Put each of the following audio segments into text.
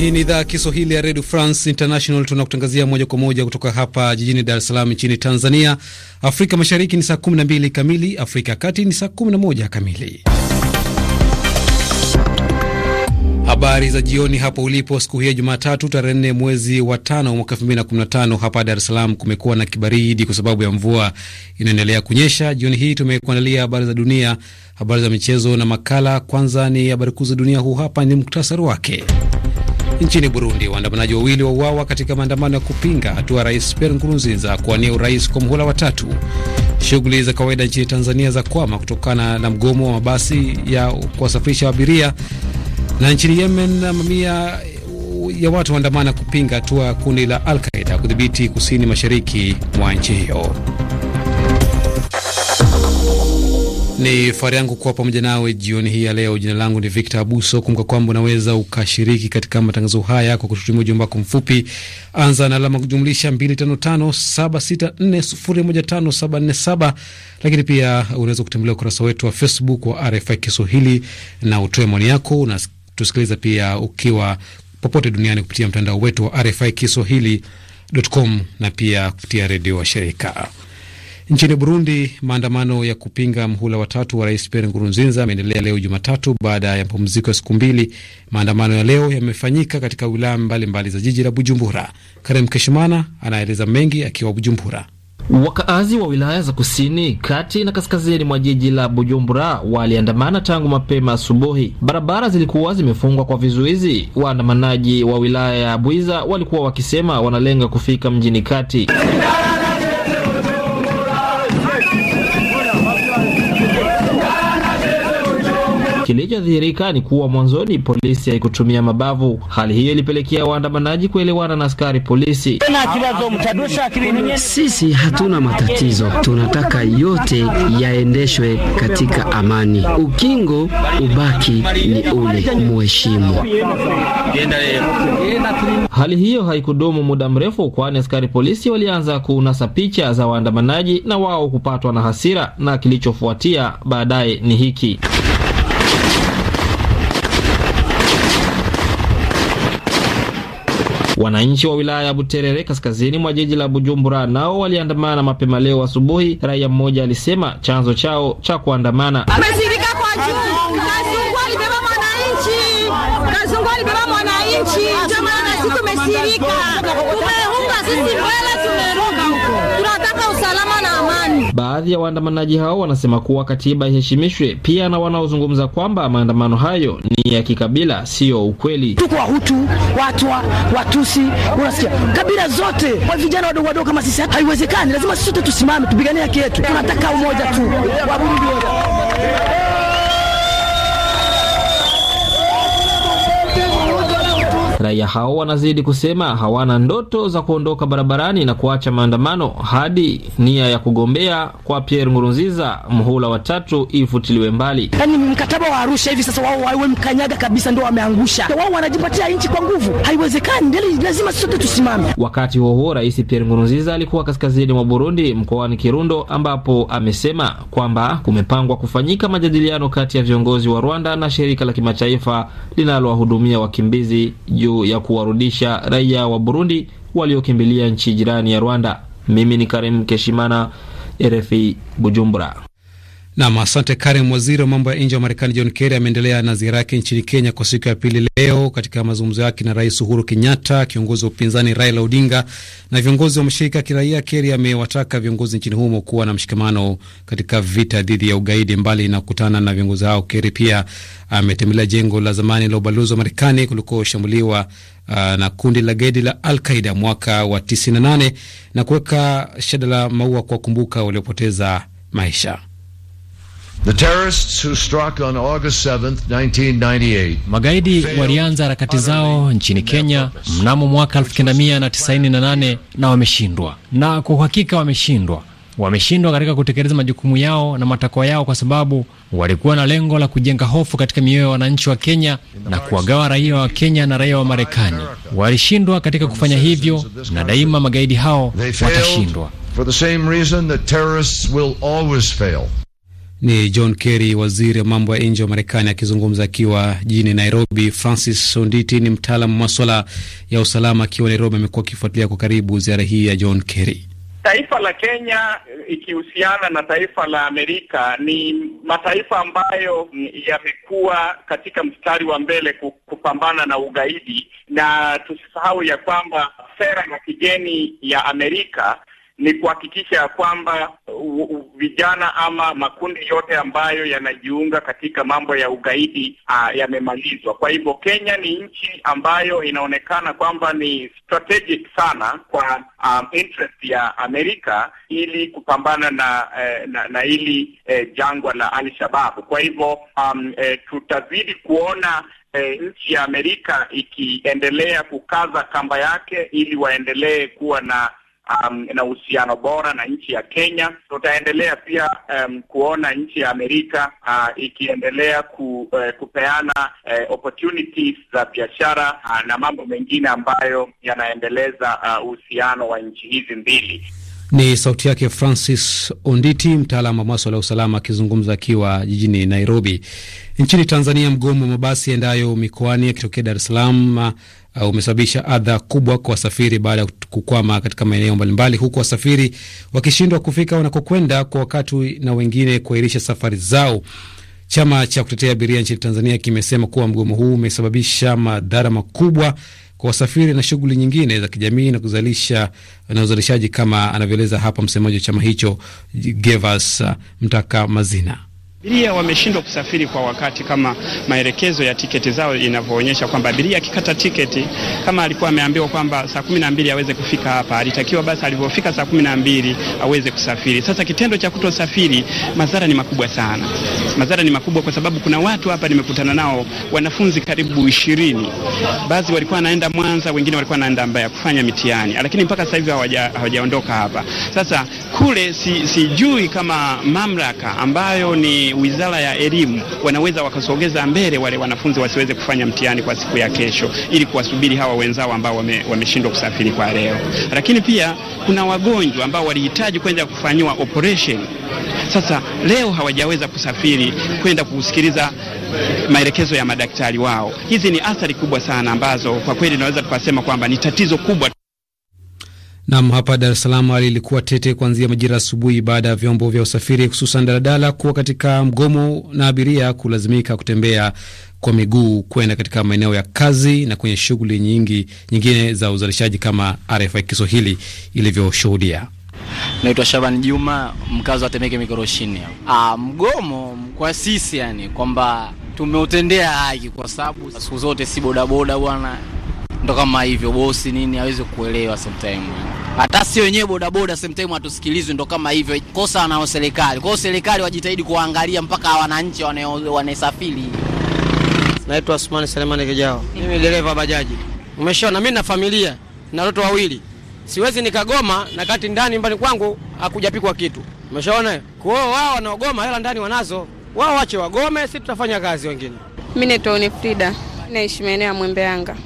Hii ni idhaa ya Kiswahili ya redio France International. Tunakutangazia moja kwa moja kutoka hapa jijini Dar es Salaam nchini Tanzania. Afrika Mashariki ni saa 12 kamili, Afrika ya Kati ni saa 11 kamili. Habari za jioni hapo ulipo siku hii ya Jumatatu, tarehe nne mwezi wa tano mwaka elfu mbili na kumi na tano. Hapa Dar es Salaam kumekuwa na kibaridi kwa sababu ya mvua inaendelea kunyesha. Jioni hii tumekuandalia habari za dunia, habari za michezo na makala. Kwanza ni habari kuu za dunia, huu hapa ni muktasari wake. Nchini Burundi, waandamanaji wawili wa uawa katika maandamano ya kupinga hatua Rais Pierre Nkurunziza kuwania urais kwa muhula wa tatu. Shughuli za kawaida nchini Tanzania za kwama kutokana na mgomo wa mabasi ya kuwasafirisha abiria. Na nchini Yemen, na mamia ya watu waandamana kupinga hatua ya kundi la Al qaida kudhibiti kusini mashariki mwa nchi hiyo. Ni fahari yangu kuwa pamoja nawe jioni hii ya leo. Jina langu ni Victor Abuso. Kumbuka kwamba unaweza ukashiriki katika matangazo haya kwa kututumia ujumbe wako mfupi, anza na alama kujumlisha 255764015747. Lakini pia unaweza kutembelea ukurasa wetu wa Facebook wa RFI Kiswahili na utoe maoni yako. Unatusikiliza pia ukiwa popote duniani kupitia mtandao wetu wa RFI Kiswahili.com na pia kupitia redio wa shirika Nchini Burundi, maandamano ya kupinga mhula watatu wa rais Pierre Nkurunziza ameendelea leo Jumatatu baada ya mapumziko ya siku mbili. Maandamano ya leo yamefanyika katika wilaya mbalimbali za jiji la Bujumbura. Karem Keshimana anaeleza mengi akiwa Bujumbura. Wakaazi wa wilaya za kusini, kati na kaskazini mwa jiji la Bujumbura waliandamana tangu mapema asubuhi. Barabara zilikuwa zimefungwa kwa vizuizi. Waandamanaji wa wilaya ya Bwiza walikuwa wakisema wanalenga kufika mjini kati Kilichodhihirika ni kuwa mwanzoni polisi haikutumia mabavu. Hali hiyo ilipelekea waandamanaji kuelewana na askari polisi. Sisi hatuna matatizo, tunataka yote yaendeshwe katika amani, ukingo ubaki ni ule muheshimu. Hali hiyo haikudumu muda mrefu, kwani askari polisi walianza kunasa picha za waandamanaji na wao kupatwa na hasira, na kilichofuatia baadaye ni hiki. Wananchi wa wilaya ya Buterere kaskazini mwa jiji la Bujumbura nao waliandamana mapema leo asubuhi. Raia mmoja alisema chanzo chao cha kuandamana Kazungu alibeba mwananchi, sisi tumesirika, sisi Baadhi ya waandamanaji hao wanasema kuwa katiba iheshimishwe pia, na wanaozungumza kwamba maandamano hayo ni ya kikabila siyo ukweli. Tuko Wahutu, Watwa, Watusi, unasikia kabila zote, kwa vijana wadogo wadogo kama sisi. Haiwezekani, lazima sisi sote tusimame, tupiganie haki yetu. Tunataka umoja tu wa wote. Raia hao wanazidi kusema hawana ndoto za kuondoka barabarani na kuacha maandamano hadi nia ya kugombea kwa Pierre Nkurunziza mhula wa tatu ifutiliwe mbali. Yaani mkataba wa Arusha hivi sasa wao wawe mkanyaga kabisa, ndio wameangusha wao, wanajipatia nchi kwa nguvu, haiwezekani. Ndio lazima sote tusimame. Wakati huo huo, Rais Pierre Nkurunziza alikuwa kaskazini mwa Burundi mkoani Kirundo, ambapo amesema kwamba kumepangwa kufanyika majadiliano kati ya viongozi wa Rwanda na shirika la kimataifa linalowahudumia wakimbizi juu ya kuwarudisha raia wa Burundi waliokimbilia nchi jirani ya Rwanda. Mimi ni Karim Keshimana, RFI Bujumbura. Nam, asante Karen. Waziri wa mambo ya nje wa Marekani John Kerry ameendelea na ziara yake nchini Kenya kwa siku ya pili leo, katika mazungumzo yake na Rais Uhuru Kenyatta, kiongozi wa upinzani Raila Odinga na viongozi wa mashirika ya kiraia. Kerry amewataka viongozi nchini humo kuwa na mshikamano katika vita dhidi ya ugaidi. Mbali na kukutana na viongozi hao, Kerry pia ametembelea jengo la zamani la ubalozi wa Marekani kulikoshambuliwa uh, na kundi la gaidi la Al Qaida mwaka wa 98 na kuweka shada la maua kwa kumbuka waliopoteza maisha. The terrorists who struck on August 7th, 1998. Magaidi walianza harakati zao nchini Kenya mnamo mwaka 1998 na wameshindwa, na kwa uhakika wameshindwa. Wameshindwa katika kutekeleza majukumu yao na matakwa yao, kwa sababu walikuwa na lengo la kujenga hofu katika mioyo ya wananchi wa Kenya na kuwagawa raia wa Kenya na raia wa Marekani. Walishindwa katika kufanya hivyo, na daima magaidi hao watashindwa. Ni John Kerry, waziri wa mambo ya nje wa Marekani, akizungumza akiwa jijini Nairobi. Francis Onditi ni mtaalamu wa maswala ya usalama akiwa Nairobi, amekuwa akifuatilia kwa karibu ziara hii ya John Kerry. Taifa la Kenya eh, ikihusiana na taifa la Amerika ni mataifa ambayo mm, yamekuwa katika mstari wa mbele kupambana na ugaidi, na tusisahau ya kwamba sera ya kigeni ya Amerika ni kuhakikisha ya kwamba uh, vijana ama makundi yote ambayo yanajiunga katika mambo ya ugaidi uh, yamemalizwa. Kwa hivyo, Kenya ni nchi ambayo inaonekana kwamba ni strategic sana kwa um, interest ya Amerika ili kupambana na eh, na, na hili eh, jangwa la Al-Shabaab. Kwa hivyo, um, eh, tutazidi kuona E, nchi ya Amerika ikiendelea kukaza kamba yake ili waendelee kuwa na um, na uhusiano bora na nchi ya Kenya. Tutaendelea pia um, kuona nchi ya Amerika uh, ikiendelea ku, uh, kupeana uh, opportunities za biashara uh, na mambo mengine ambayo yanaendeleza uh, uhusiano wa nchi hizi mbili. Ni sauti yake Francis Onditi, mtaalamu wa maswala ya usalama akizungumza akiwa jijini Nairobi. Nchini Tanzania, mgomo wa mabasi endayo mikoani akitokea Dar es Salaam uh, uh, umesababisha adha kubwa kwa wasafiri baada ya kukwama katika maeneo mbalimbali, huku wasafiri wakishindwa kufika wanakokwenda kwa wakati na wengine kuahirisha safari zao. Chama cha kutetea abiria nchini Tanzania kimesema kuwa mgomo huu umesababisha madhara makubwa kwa wasafiri na shughuli nyingine za kijamii na kuzalisha na uzalishaji, kama anavyoeleza hapa msemaji wa chama hicho Gevas mtaka mazina Abiria wameshindwa kusafiri kwa wakati kama maelekezo ya tiketi zao inavyoonyesha, kwamba abiria akikata tiketi kama alikuwa ameambiwa kwamba saa kumi na mbili aweze kufika hapa, alitakiwa basi alivyofika saa kumi na mbili aweze kusafiri. Sasa kitendo cha kutosafiri, madhara ni makubwa sana. Madhara ni makubwa kwa sababu kuna watu hapa nimekutana nao, wanafunzi karibu ishirini, baadhi walikuwa wanaenda Mwanza, wengine walikuwa wanaenda Mbeya kufanya mitihani, lakini mpaka sasa hivi hawajaondoka hapa. Sasa kule si, sijui kama mamlaka ambayo ni wizara ya elimu wanaweza wakasogeza mbele wale wanafunzi wasiweze kufanya mtihani kwa siku ya kesho, ili kuwasubiri hawa wenzao ambao wameshindwa wame kusafiri kwa leo. Lakini pia kuna wagonjwa ambao walihitaji kwenda kufanyiwa operation, sasa leo hawajaweza kusafiri kwenda kusikiliza maelekezo ya madaktari wao. Hizi ni athari kubwa sana ambazo kwa kweli naweza tukasema kwamba ni tatizo kubwa. Nam, hapa Dar es Salaam hali ilikuwa tete kuanzia majira asubuhi baada ya vyombo vya usafiri hususan daladala kuwa katika mgomo na abiria kulazimika kutembea kwa miguu kwenda katika maeneo ya kazi na kwenye shughuli nyingi nyingine za uzalishaji kama RFI Kiswahili ilivyoshuhudia. Naitwa Shaban Juma, mkazi wa Temeke Mikoroshini. Ah, mgomo kwa sisi yani kwamba tumeutendea haki, kwa sababu siku zote si bodaboda bwana ndo kama hivyo, bosi nini aweze kuelewa sometime, hata si wenyewe bodaboda sometime hatusikilizwi, ndo kama hivyo, kosa na serikali. Kwa serikali wajitahidi kuangalia mpaka wananchi wanaesafiri. Naitwa Asmani Selemani Kijao, mimi dereva bajaji. Umeshaona mimi na familia na watoto wawili, siwezi nikagoma na kati ndani mbali kwangu hakujapikwa kitu. Umeshaona kwa hiyo wao wanaogoma, hela ndani wanazo wao, wache wagome, sisi tutafanya kazi wengine. Mimi naitwa Frida, naishi maeneo ya Mwembe Yanga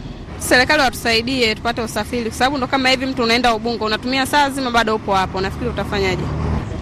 serikali watusaidie tupate usafiri, kwa sababu ndo kama hivi, mtu unaenda Ubungo unatumia saa zima, bado upo hapo, nafikiri utafanyaje?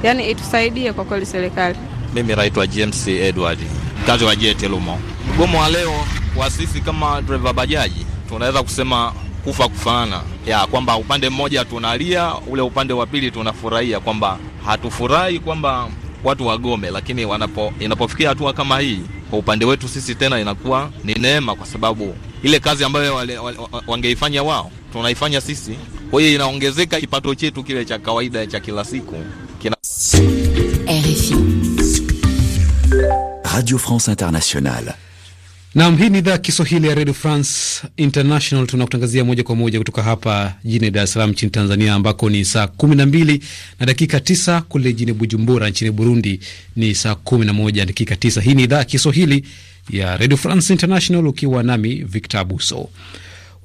yani itusaidie kwa kweli serikali. Mimi naitwa James Edward, mkazi wa Jete Lumo. Mgomo wa leo wa sisi kama dreva bajaji tunaweza kusema kufa kufaana, ya kwamba upande mmoja tunalia, ule upande wa pili tunafurahia, kwamba hatufurahi kwamba watu wagome, lakini wanapo, inapofikia hatua kama hii, kwa upande wetu sisi tena inakuwa ni neema, kwa sababu ile kazi ambayo wale, wale, wangeifanya wao tunaifanya sisi, kwa hiyo inaongezeka kipato chetu kile cha kawaida cha kila siku kina... RFI Radio France Internationale Nam, hii ni idhaa Kiswahili ya redio France International. Tunakutangazia moja kwa moja kutoka hapa jijini Dar es Salaam nchini Tanzania, ambako ni saa kumi na dakika tisa. Kule jijini Bujumbura nchini Burundi ni saa 11 na dakika tisa. Hii ni idhaa Kiswahili ya redio France International, ukiwa nami Victor Abuso.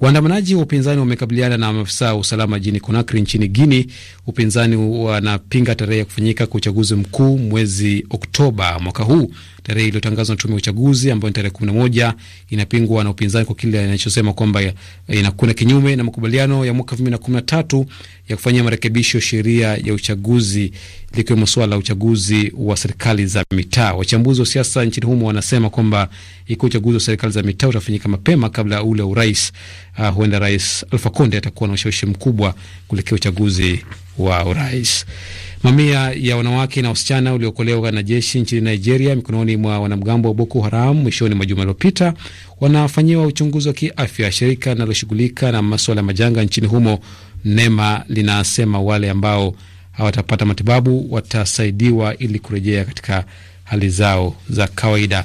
Waandamanaji wa upinzani wamekabiliana na maafisa wa usalama jini Conakry nchini guini Upinzani wanapinga tarehe ya kufanyika kwa uchaguzi mkuu mwezi Oktoba mwaka huu, tarehe iliyotangazwa na tume ya uchaguzi ambayo ni tarehe kumi na moja inapingwa na upinzani kwa kile anachosema kwamba inakuna kinyume na makubaliano ya mwaka elfu mbili na kumi na tatu ya kufanyia marekebisho sheria ya uchaguzi likiwemo suala la uchaguzi wa serikali za mitaa. Wachambuzi wa siasa nchini humo wanasema kwamba ikiwa uchaguzi wa serikali za mitaa utafanyika mapema kabla ya ule urais, uh, huenda Rais Alpha Konde atakuwa na ushawishi mkubwa kuelekea uchaguzi wa urais. Mamia ya wanawake na wasichana waliokolewa na jeshi nchini Nigeria mikononi mwa wanamgambo wa Boko Haram mwishoni mwa juma iliopita wanafanyiwa uchunguzi wa kiafya. Shirika linaloshughulika na, na masuala ya majanga nchini humo NEMA linasema wale ambao hawatapata matibabu watasaidiwa ili kurejea katika hali zao za kawaida.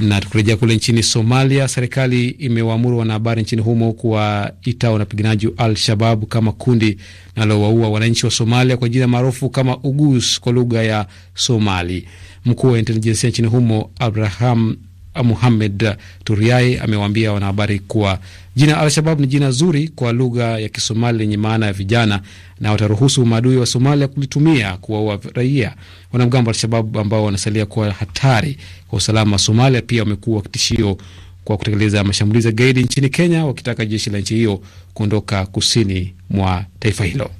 Na tukurejea kule nchini Somalia, serikali imewaamuru wanahabari nchini humo kuwaita wanapiganaji wa Al-Shabab kama kundi linalowaua wananchi wa Somalia kwa jina maarufu kama Ugus kwa lugha ya Somali. Mkuu wa intelijensia nchini humo Abraham Muhamed Turiai amewaambia wanahabari kuwa Jina Al-Shabab ni jina zuri kwa lugha ya Kisomali lenye maana ya vijana, na wataruhusu maadui wa Somalia kulitumia kuwaua raia. Wanamgambo wa Al-Shabab ambao wanasalia kuwa hatari kwa usalama wa Somalia pia wamekuwa kitishio kwa kutekeleza mashambulizi ya gaidi nchini Kenya, wakitaka jeshi la nchi hiyo kuondoka kusini mwa taifa hilo.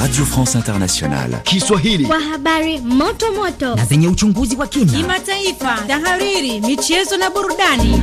Radio France Internationale Kiswahili, kwa habari moto moto na zenye uchunguzi wa kina, kimataifa, tahariri, michezo na burudani.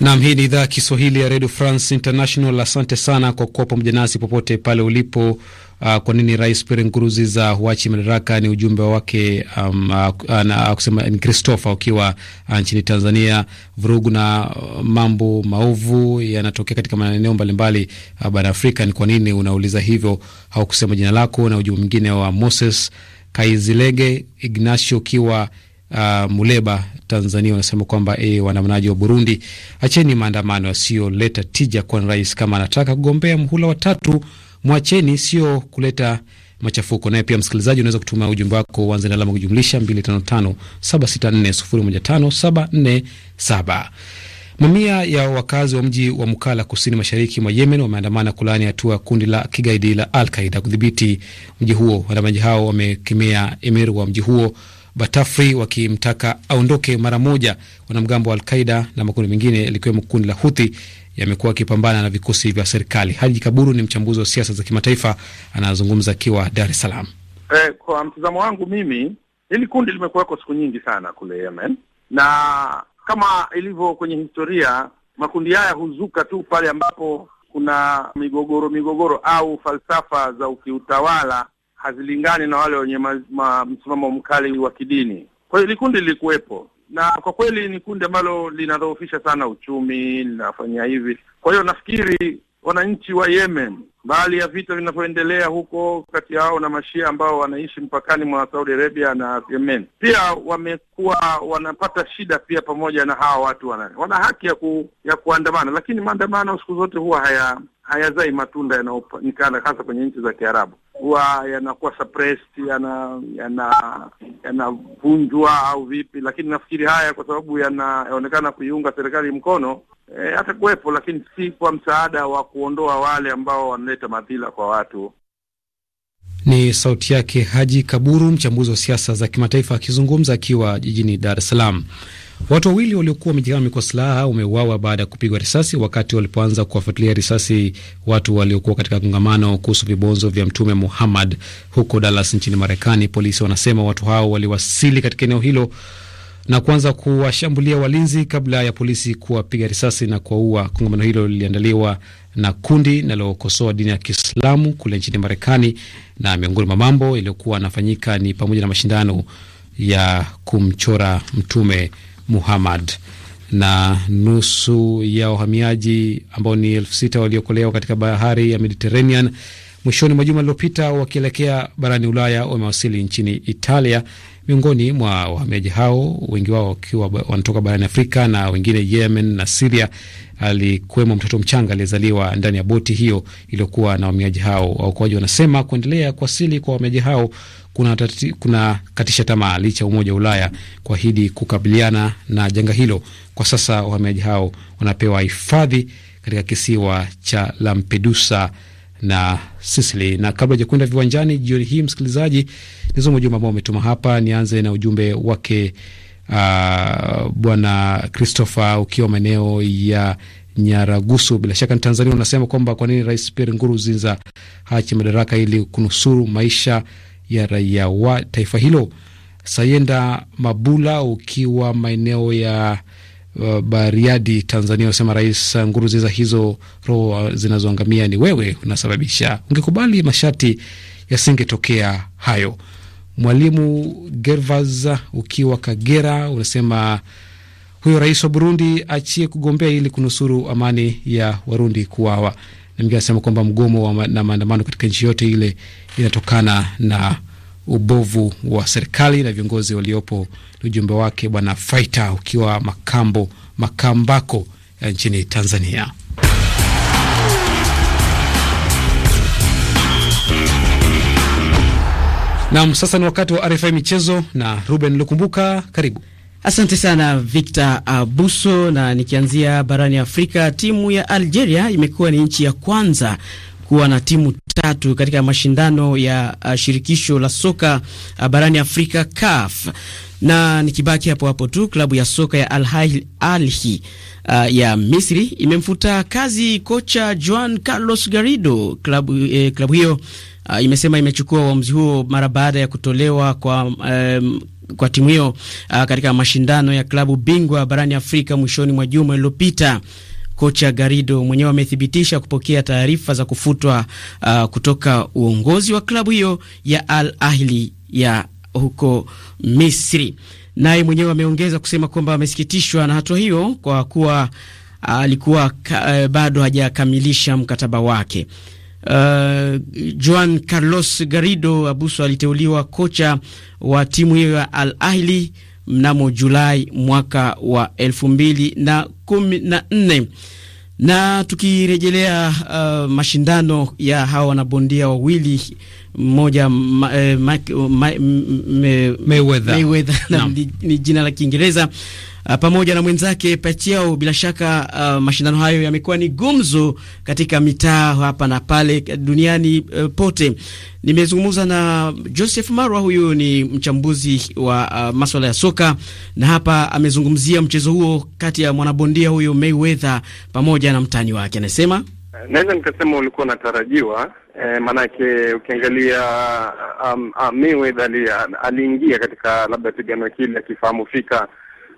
Nam, hii ni idhaa ya Kiswahili ya redio France International. Asante sana kwa kuwa pamoja nasi popote pale ulipo. Uh, kwa nini Rais Pierre Nkurunziza huachi madaraka? Ni ujumbe wake um, uh, ah, na, ah, kusema ni Christopher ukiwa uh, nchini Tanzania. Vurugu na uh, mambo maovu yanatokea katika maeneo mbalimbali uh, bara Afrika. Ni kwa nini unauliza hivyo? kusema jina lako. Na ujumbe mwingine wa Moses Kaizilege Ignacio ukiwa uh, Muleba Tanzania wanasema kwamba e, eh, waandamanaji wa Burundi, acheni maandamano yasiyoleta tija, kwani rais kama anataka kugombea mhula wa tatu mwacheni, sio kuleta machafuko. Naye pia msikilizaji, unaweza kutuma ujumbe wako, uanze na alama kujumlisha 255764015747. Mamia ya wakazi wa mji wa Mukala kusini mashariki mwa Yemen wameandamana kulaani hatua ya kundi la kigaidi la Al Qaida kudhibiti mji huo. Waandamanaji hao wamekemea emir wa mji huo Batafri wakimtaka aondoke mara moja. Wanamgambo wa Alqaida na makundi mengine likiwemo kundi la Huthi yamekuwa akipambana na vikosi vya serikali. Haji Kaburu ni mchambuzi wa siasa za kimataifa, anazungumza akiwa Dar es Salaam. Eh, kwa mtazamo wangu mimi, hili kundi limekuwako siku nyingi sana kule Yemen, na kama ilivyo kwenye historia, makundi haya huzuka tu pale ambapo kuna migogoro migogoro au falsafa za ukiutawala hazilingani na wale wenye msimamo mkali wa kidini. Kwa hiyo likundi lilikuwepo, na kwa kweli ni kundi ambalo linadhoofisha sana uchumi, linafanya hivi. Kwa hiyo nafikiri wananchi wa Yemen, mbali ya vita vinavyoendelea huko kati yao na mashia ambao wanaishi mpakani mwa Saudi Arabia na Yemen, pia wamekuwa wanapata shida pia, pamoja na hawa watu wana, wana haki ya, ku, ya kuandamana, lakini maandamano siku zote huwa haya hayazai matunda yanayopatikana hasa kwenye nchi za Kiarabu huwa yanakuwa suppressed, yana yanavunjwa yana au vipi, lakini nafikiri haya kwa sababu yanaonekana kuiunga serikali mkono e, hata kuwepo, lakini si kwa msaada wa kuondoa wale ambao wanaleta madhila kwa watu. Ni sauti yake Haji Kaburu, mchambuzi wa siasa za kimataifa akizungumza akiwa jijini Dar es Salaam. Watu wawili waliokuwa wamejihami kwa silaha wameuawa baada ya kupigwa risasi wakati walipoanza kuwafuatilia risasi watu waliokuwa katika kongamano kuhusu vibonzo vya Mtume Muhammad huko Dallas nchini Marekani. Polisi wanasema watu hao waliwasili katika eneo hilo na kuanza kuwashambulia walinzi kabla ya polisi kuwapiga risasi na kuwaua. Kongamano hilo liliandaliwa na kundi linalokosoa dini ya Kiislamu kule nchini Marekani, na miongoni mwa mambo yaliyokuwa anafanyika ni pamoja na mashindano ya kumchora Mtume Muhammad na nusu ya wahamiaji ambao ni elfu sita waliokolewa katika bahari ya Mediterranean mwishoni mwa juma lililopita wakielekea barani Ulaya wamewasili nchini Italia. Miongoni mwa wahamiaji hao, wengi wao wakiwa wanatoka barani Afrika na wengine Yemen na Siria, alikuwemo mtoto mchanga aliyezaliwa ndani ya boti hiyo iliyokuwa na wahamiaji hao. Waokoaji wanasema kuendelea kuwasili kwa wahamiaji hao kuna, tati, kuna katisha tamaa licha Umoja wa Ulaya kuahidi kukabiliana na janga hilo. Kwa sasa wahamiaji hao wanapewa hifadhi katika kisiwa cha Lampedusa na Sisili. Na kabla ja kuenda viwanjani jioni hii, msikilizaji, nizo ujumbe ambao umetuma hapa. Nianze na ujumbe wake uh, Bwana Christopher ukiwa maeneo ya Nyaragusu, bila shaka ni Tanzania. Unasema kwamba kwa nini Rais Pierre Nkurunziza haache madaraka ili kunusuru maisha ya raia wa taifa hilo. Sayenda Mabula, ukiwa maeneo ya uh, Bariadi, Tanzania, unasema Rais Nguruziza, hizo roho zinazoangamia ni wewe unasababisha. Ungekubali masharti yasingetokea hayo. Mwalimu Gervas, ukiwa Kagera, unasema huyo rais wa Burundi achie kugombea ili kunusuru amani ya Warundi kuwawa Namgeni anasema kwamba mgomo wa na maandamano katika nchi yote ile inatokana na ubovu wa serikali na viongozi waliopo. Ni ujumbe wake Bwana Faita ukiwa Makambo, Makambako nchini Tanzania. Nam, sasa ni wakati wa RFI michezo na Ruben Lukumbuka, karibu. Asante sana Victor Abuso. Na nikianzia barani Afrika, timu ya Algeria imekuwa ni nchi ya kwanza kuwa na timu tatu katika mashindano ya uh, shirikisho la soka uh, barani Afrika CAF. Na nikibaki hapo hapo tu, klabu ya soka ya Al Alhi uh, ya Misri imemfuta kazi kocha Juan Carlos Garrido. Klabu, eh, klabu hiyo uh, imesema imechukua uamuzi huo mara baada ya kutolewa kwa um, kwa timu hiyo uh, katika mashindano ya klabu bingwa barani Afrika mwishoni mwa juma lililopita. Kocha Garido mwenyewe amethibitisha kupokea taarifa za kufutwa uh, kutoka uongozi wa klabu hiyo ya Al Ahli ya huko Misri. Naye mwenyewe ameongeza kusema kwamba amesikitishwa na hatua hiyo kwa kuwa uh, alikuwa uh, uh, bado hajakamilisha mkataba wake. Uh, Juan Carlos Garrido Abuso aliteuliwa kocha wa timu hiyo ya Al Ahli mnamo Julai mwaka wa elfu mbili na kumi na nne. Na tukirejelea uh, mashindano ya hawa wanabondia wawili mmoja ma, eh, ma, ma, me, Mayweather, Mayweather na, ni jina la Kiingereza uh, pamoja na mwenzake Pacheo. Bila shaka uh, mashindano hayo yamekuwa ni gumzo katika mitaa hapa na pale duniani uh, pote. Nimezungumza na Joseph Marwa, huyu ni mchambuzi wa uh, maswala ya soka, na hapa amezungumzia mchezo huo kati ya mwanabondia huyo Mayweather pamoja na mtani wake. Anasema naweza nikasema ulikuwa unatarajiwa E, eh, maanake ukiangalia um, um, Mayweather aliingia katika labda pigano kile akifahamu fika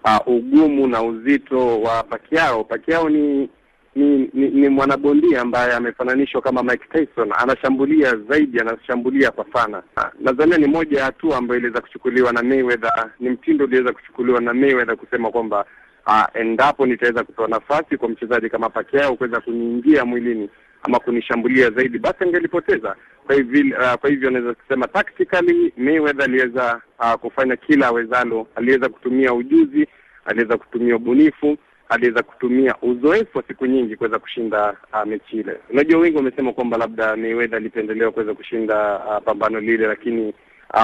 uh, ugumu na uzito wa pakiao pakiao ni ni, ni, ni mwanabondia ambaye amefananishwa kama Mike Tyson, anashambulia zaidi, anashambulia kwa sana. Nadhania ni moja ya hatua ambayo iliweza kuchukuliwa na Mayweather, ni mtindo uliweza kuchukuliwa na Mayweather kusema kwamba uh, endapo nitaweza kutoa nafasi kwa mchezaji kama Pacquiao kuweza kuniingia mwilini ama kunishambulia zaidi, basi angelipoteza. Kwa hivyo, uh, kwa hivyo naweza kusema tactically Mayweather aliweza uh, kufanya kila awezalo. Aliweza kutumia ujuzi, aliweza kutumia ubunifu, aliweza kutumia uzoefu wa siku nyingi kuweza kushinda uh, mechi ile. Unajua, wengi wamesema kwamba labda Mayweather alipendelewa kuweza kushinda uh, pambano lile, lakini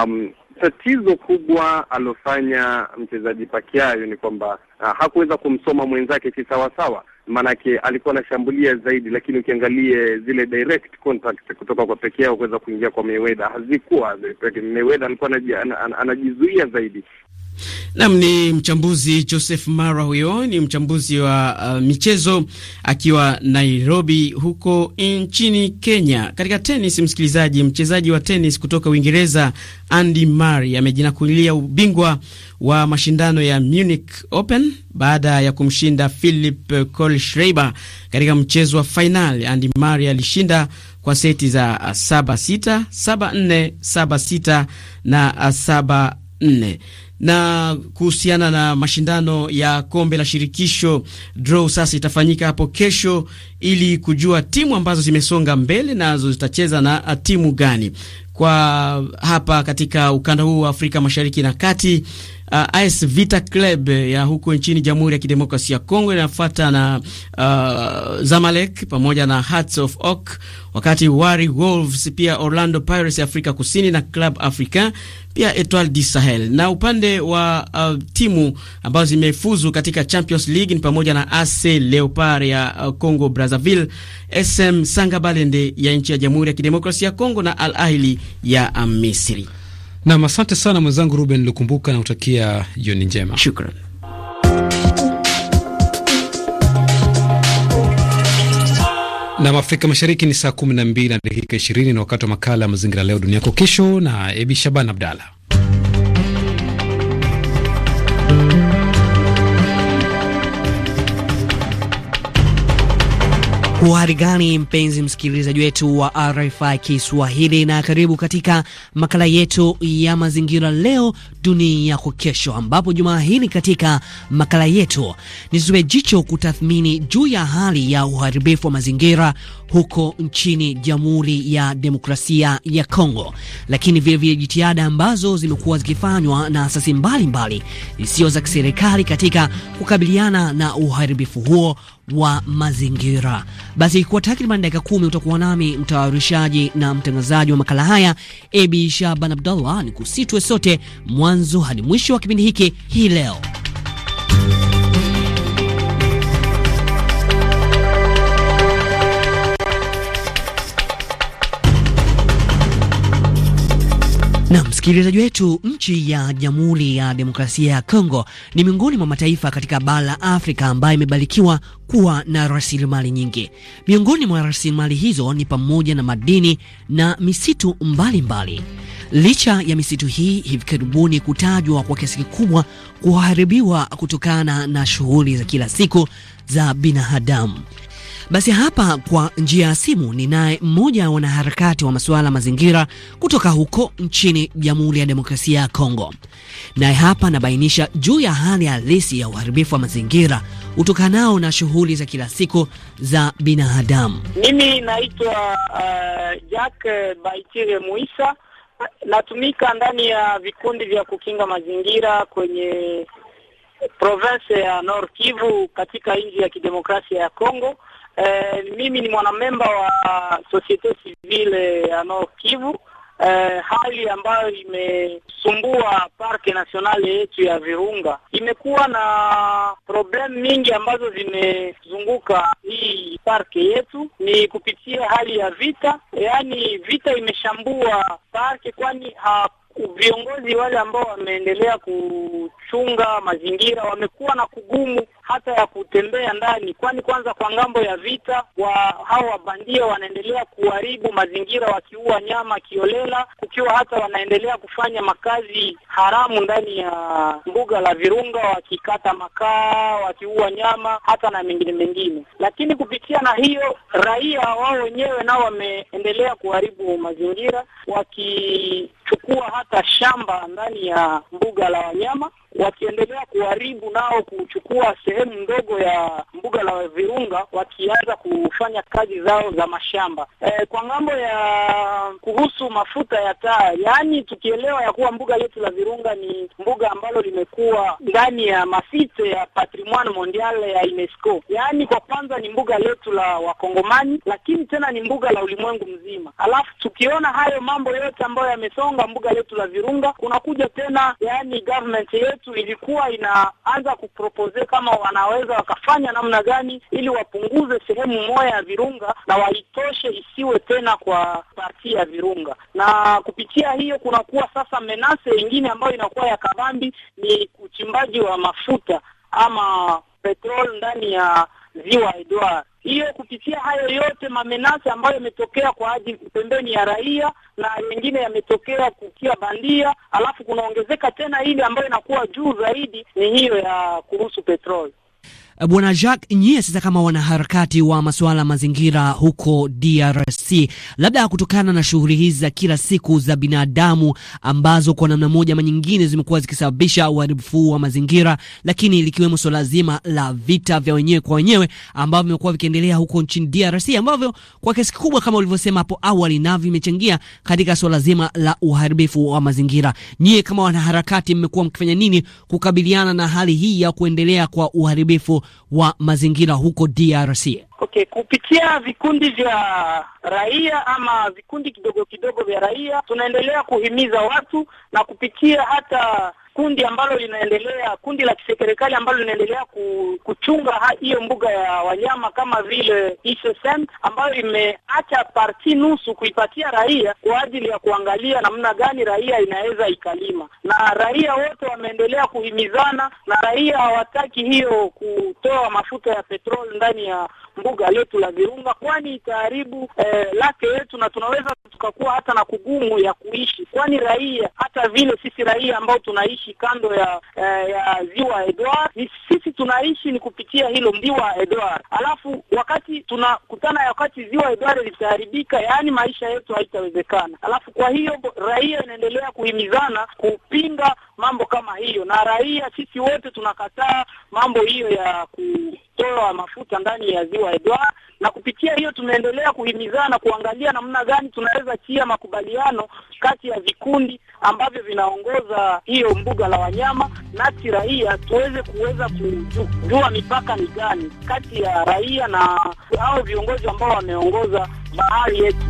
um, tatizo kubwa alofanya mchezaji Pacquiao ni kwamba uh, hakuweza kumsoma mwenzake kisawasawa maanake alikuwa anashambulia zaidi, lakini ukiangalia zile direct contact kutoka kwa peke yao kuweza kuingia kwa Mayweather hazikuwa. Mayweather alikuwa anajizuia zaidi, Nam ni mchambuzi Joseph Mara, huyo ni mchambuzi wa uh, michezo akiwa Nairobi huko nchini Kenya. Katika tenis, msikilizaji, mchezaji wa tenis kutoka Uingereza Andy Murray amejinakulia ubingwa wa mashindano ya Munich Open baada ya kumshinda Philip Kohlschreiber katika mchezo wa fainali. Andy Murray alishinda kwa seti za 7-6, 7-4, 7-6 na 7-4. Uh, na kuhusiana na mashindano ya kombe la shirikisho, draw sasa itafanyika hapo kesho ili kujua timu ambazo zimesonga mbele nazo zitacheza na timu gani. Kwa hapa katika ukanda huu wa Afrika Mashariki na Kati uh, AS Vita Club ya huko nchini Jamhuri ya Kidemokrasia ya Kongo inafuata na uh, Zamalek pamoja na Hearts of Oak, wakati Wari Wolves pia Orlando Pirates ya Afrika Kusini na Club Africain pia Etoile du Sahel. Na upande wa uh, timu ambazo zimefuzu katika Champions League ni pamoja na AC Leopard ya uh, Congo Brazzaville, SM Sangabalende ya nchi ya Jamhuri ya Kidemokrasia ya Kongo na Al Ahli ya Misri. Nam, asante sana mwenzangu Ruben Lukumbuka na utakia jioni njema. Shukran. Nam, Afrika Mashariki ni saa 12 na dakika 20 na wakati wa makala ya mazingira leo dunia yako kesho na Ebi Shaban Abdallah. Uhari gani mpenzi msikilizaji wetu wa RFI Kiswahili, na karibu katika makala yetu ya mazingira, leo dunia yako kesho, ambapo jumaa hili katika makala yetu nitupia jicho kutathmini juu ya hali ya uharibifu wa mazingira huko nchini Jamhuri ya Demokrasia ya Kongo, lakini vilevile jitihada ambazo zimekuwa zikifanywa na asasi mbalimbali zisizo za kiserikali katika kukabiliana na uharibifu huo wa mazingira. Basi kwa takriban dakika kumi utakuwa nami mtayarishaji na mtangazaji wa makala haya Abi Shaban Abdallah, ni kusitwe sote mwanzo hadi mwisho wa kipindi hiki hii leo. Na msikilizaji wetu, nchi ya Jamhuri ya Demokrasia ya Kongo ni miongoni mwa mataifa katika bara la Afrika ambayo imebarikiwa kuwa na rasilimali nyingi. Miongoni mwa rasilimali hizo ni pamoja na madini na misitu mbalimbali mbali. Licha ya misitu hii hivi karibuni kutajwa kwa kiasi kikubwa kuharibiwa kutokana na shughuli za kila siku za binadamu, basi hapa kwa njia ya simu ninaye mmoja wa wanaharakati wa masuala mazingira kutoka huko nchini Jamhuri ya Demokrasia ya Kongo, naye hapa anabainisha juu ya hali halisi ya uharibifu wa mazingira utokanao na shughuli za kila siku za binadamu. Mimi naitwa uh, Jack Baitire Muisa, natumika ndani ya vikundi vya kukinga mazingira kwenye province ya Nord Kivu katika nchi ya kidemokrasia ya Kongo Eh, mimi ni mwanamemba wa Societe Civile ya Nord Kivu. Eh, hali ambayo imesumbua parke nationale yetu ya Virunga imekuwa na problemu mingi ambazo zimezunguka hii parke yetu, ni kupitia hali ya vita, yaani vita imeshambua parke, kwani ha viongozi wale ambao wameendelea ku kuchunga mazingira wamekuwa na kugumu hata ya kutembea ndani, kwani kwanza kwa ngambo ya vita wa hao wabandia wanaendelea kuharibu mazingira wakiua nyama kiolela, kukiwa hata wanaendelea kufanya makazi haramu ndani ya mbuga la Virunga, wakikata makaa, wakiua nyama hata na mengine mengine. Lakini kupitia na hiyo, raia wao wenyewe nao wameendelea kuharibu mazingira, wakichukua hata shamba ndani ya mbuga la wanyama wakiendelea kuharibu nao kuchukua sehemu ndogo ya mbuga la Virunga, wakianza kufanya kazi zao za mashamba. E, kwa ng'ambo ya kuhusu mafuta ya taa, yaani tukielewa ya kuwa mbuga letu la Virunga ni mbuga ambalo limekuwa ndani ya masite ya patrimoine mondiale ya UNESCO, yaani kwa kwanza ni mbuga letu la Wakongomani, lakini tena ni mbuga la ulimwengu mzima. Alafu tukiona hayo mambo yote ambayo yamesonga mbuga letu la Virunga, kunakuja tena yaani government yetu Yesu ilikuwa inaanza kupropose kama wanaweza wakafanya namna gani ili wapunguze sehemu moja ya Virunga na waitoshe isiwe tena kwa parti ya Virunga, na kupitia hiyo kunakuwa sasa menase ingine ambayo inakuwa ya kabambi ni uchimbaji wa mafuta ama petrol ndani ya ziwa Edward. Hiyo kupitia hayo yote mamenasi ambayo yametokea kwa ajili pembeni ya raia na mengine yametokea kukia bandia, alafu kunaongezeka tena ile ambayo inakuwa juu zaidi ni hiyo ya kuhusu petroli. Eh, Bwana Jacques, nyie sasa kama wanaharakati wa masuala mazingira huko DRC, labda kutokana na shughuli hizi za kila siku za binadamu ambazo kwa namna moja ama nyingine zimekuwa zikisababisha uharibifu wa mazingira, lakini likiwemo suala zima la vita vya wenyewe kwa wenyewe ambavyo vimekuwa vikiendelea huko nchini DRC, ambavyo kwa kiasi kikubwa kama ulivyosema hapo awali navyo vimechangia katika suala zima la uharibifu wa mazingira, nyie kama wanaharakati mmekuwa mkifanya nini kukabiliana na hali hii ya kuendelea kwa uharibifu wa mazingira huko DRC? Okay, kupitia vikundi vya raia ama vikundi kidogo kidogo vya raia tunaendelea kuhimiza watu na kupitia hata kundi ambalo linaendelea kundi la kiserikali ambalo linaendelea kuchunga hiyo mbuga ya wanyama kama vile ISSN ambayo imeacha parti nusu kuipatia raia kwa ajili ya kuangalia namna gani raia inaweza ikalima, na raia wote wameendelea kuhimizana, na raia hawataki hiyo kutoa mafuta ya petroli ndani ya mbuga letu la Virunga, kwani itaharibu eh, lake yetu, na tunaweza tukakuwa hata na kugumu ya kuishi, kwani raia hata vile sisi raia ambao tunaishi kando ya, eh, ya ziwa Edward ni sisi tunaishi ni kupitia hilo ziwa Edward, alafu wakati tunakutana ya wakati ziwa Edward litaharibika, yaani maisha yetu haitawezekana. Alafu kwa hiyo raia inaendelea kuhimizana kupinga mambo kama hiyo, na raia sisi wote tunakataa mambo hiyo ya kutoa mafuta ndani ya ziwa Edward, na kupitia hiyo tunaendelea kuhimizana kuangalia namna gani tunaweza chia makubaliano kati ya vikundi ambavyo vinaongoza hiyo mbuga la wanyama, nasi raia tuweze kuweza kujua mipaka ni gani kati ya raia na hao viongozi ambao wameongoza bahari yetu.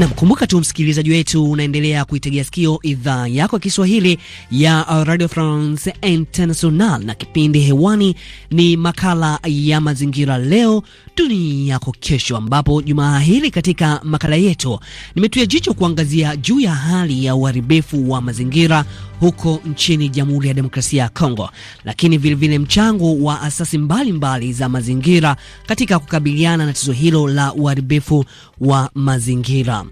Namkumbuka tu msikilizaji wetu, unaendelea kuitegea sikio idhaa yako ya Kiswahili ya uh, Radio France International, na kipindi hewani ni makala ya mazingira, leo dunia yako kesho, ambapo jumaa hili katika makala yetu nimetuya jicho kuangazia juu ya hali ya uharibifu wa mazingira huko nchini Jamhuri ya Demokrasia ya Kongo, lakini vilevile mchango wa asasi mbalimbali mbali za mazingira katika kukabiliana na tatizo hilo la uharibifu wa mazingira.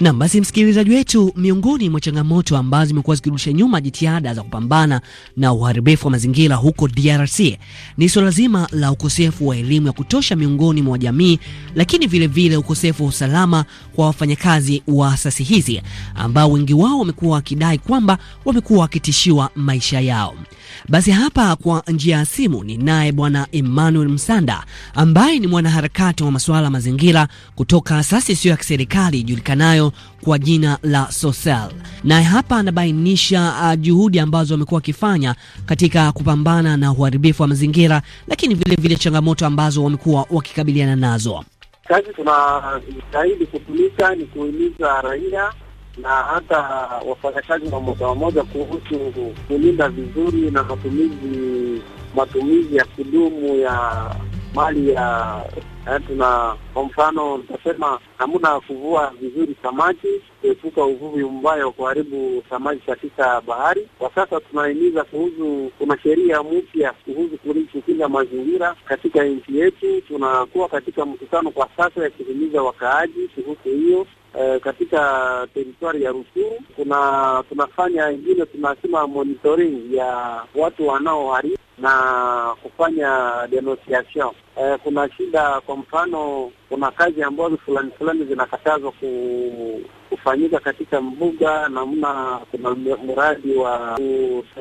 Na basi, msikilizaji wetu, miongoni mwa changamoto ambazo zimekuwa zikirudisha nyuma jitihada za kupambana na uharibifu wa mazingira huko DRC ni suala zima la ukosefu wa elimu ya kutosha miongoni mwa jamii, lakini vilevile vile ukosefu wa usalama kwa wafanyakazi wa asasi hizi ambao wengi wao wamekuwa wakidai kwamba wamekuwa waliokuwa wakitishiwa maisha yao. Basi hapa kwa njia ya simu ni naye Bwana Emmanuel Msanda ambaye ni mwanaharakati wa masuala ya mazingira kutoka asasi isiyo ya kiserikali ijulikanayo kwa jina la Sosel, naye hapa anabainisha uh, juhudi ambazo wamekuwa wakifanya katika kupambana na uharibifu wa mazingira, lakini vilevile vile changamoto ambazo wamekuwa wakikabiliana nazo. Kazi tunajitahidi kutumika ni kuhimiza raia na hata wafanyakazi wa moja wa moja kuhusu kulinda vizuri na matumizi matumizi ya kudumu ya mali ya eh, tuna kwa mfano nitasema hamuna ya kuvua vizuri samaki, kuepuka uvuvi mbaya wa kuharibu samaki katika bahari. Kwa sasa tunahimiza kuhusu, kuna sheria mpya kuhusu kulinda mazingira katika nchi yetu. Tunakuwa katika mkutano kwa sasa ya kuhimiza wakaaji kuhusu hiyo, eh, katika teritwari ya Rushuru. Kuna tunafanya ingine tunasema monitoring ya watu wanaoharibu na kufanya denunciation. Eh, kuna shida, kwa mfano kuna kazi ambazo fulani fulani zinakatazwa kufanyika katika mbuga, namna kuna mradi wa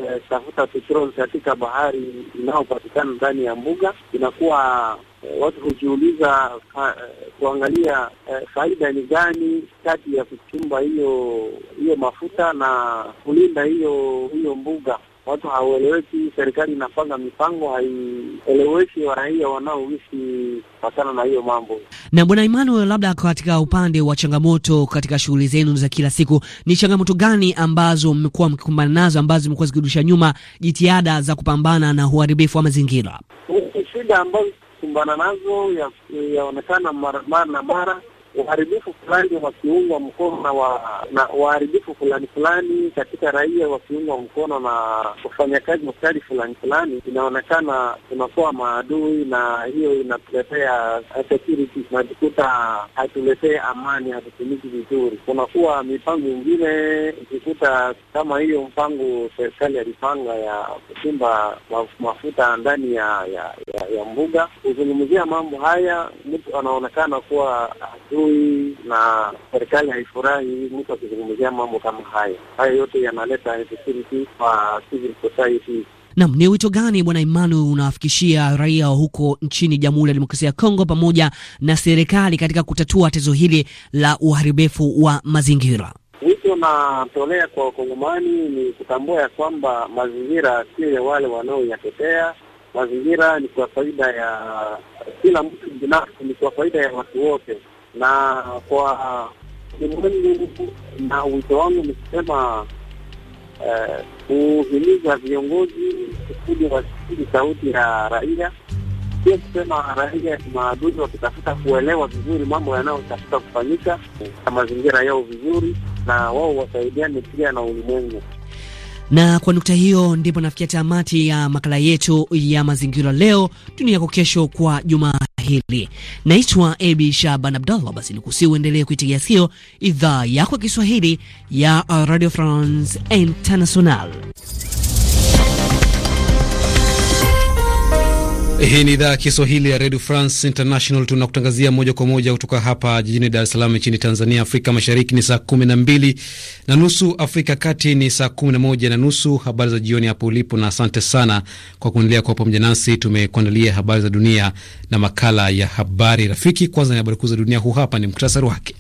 kutafuta petroli katika bahari inayopatikana ndani ya mbuga inakuwa watu hujiuliza fa, eh, kuangalia eh, faida ni gani kati ya kuchumba hiyo hiyo mafuta na kulinda hiyo hiyo mbuga. Watu haueleweki, serikali inapanga mipango haieleweshi waraia wanaoishi patana na hiyo mambo. Na Bwana Emmanuel, labda katika upande wa changamoto katika shughuli zenu za kila siku, ni changamoto gani ambazo mmekuwa mkikumbana nazo ambazo zimekuwa zikirudisha nyuma jitihada za kupambana na uharibifu wa mazingira? Shida ambazo kukumbana nazo yaonekana ya mara na mara uharibifu fulani wakiungwa mkono na waharibifu fulani fulani katika raia wakiungwa mkono na wafanyakazi wakali fulani fulani, inaonekana tunakuwa maadui, na hiyo inatuletea security, tunajikuta hatuletee amani, hatutumiki vizuri. Kunakuwa mipango ingine ikikuta kama hiyo mpango serikali yalipanga ya kuchimba mafuta ndani ya, ya, ya, ya mbuga. Kuzungumzia mambo haya, mtu anaonekana kuwa hawafurahishwi na serikali haifurahi mtu akizungumzia mambo kama haya. Haya yote yanaleta insecurity kwa civil society. Nam, ni wito gani Bwana emmanuel unawafikishia raia huko nchini Jamhuri ya Demokrasia ya Kongo pamoja na serikali katika kutatua tatizo hili la uharibifu wa mazingira? Wito natolea kwa wakongomani ni kutambua ya kwamba mazingira sio ya wale wanaoyatetea. Mazingira ni kwa faida ya kila mtu binafsi, ni kwa faida ya watu wote na kwa ulimwengu na wito wangu ni kusema eh, kuhimiza viongozi kusudi wasikili sauti ya raia, sio kusema raia ni maadui, wakitafuta kuelewa vizuri mambo yanayotafuta kufanyika na mazingira yao vizuri, na wao wasaidiane pia na ulimwengu. Na kwa nukta hiyo ndipo nafikia tamati ya makala yetu ya mazingira leo, dunia yako kesho, kwa Jumaa hili. Naitwa Abi Shaban Abdallah. Basi nikusi uendelee kuitegea sikio idhaa yako ya Kiswahili ya uh, Radio France International. Hii ni idhaa ya Kiswahili ya redio France International. Tunakutangazia moja kwa moja kutoka hapa jijini Dar es Salaam nchini Tanzania. Afrika Mashariki ni saa kumi na mbili na nusu, Afrika Kati ni saa kumi na moja na nusu. Habari za jioni hapo ulipo, na asante sana kwa kuendelea kuwa pamoja nasi. Tumekuandalia habari za dunia na makala ya habari rafiki. Kwanza ni habari kuu za dunia, huu hapa ni muktasari wake.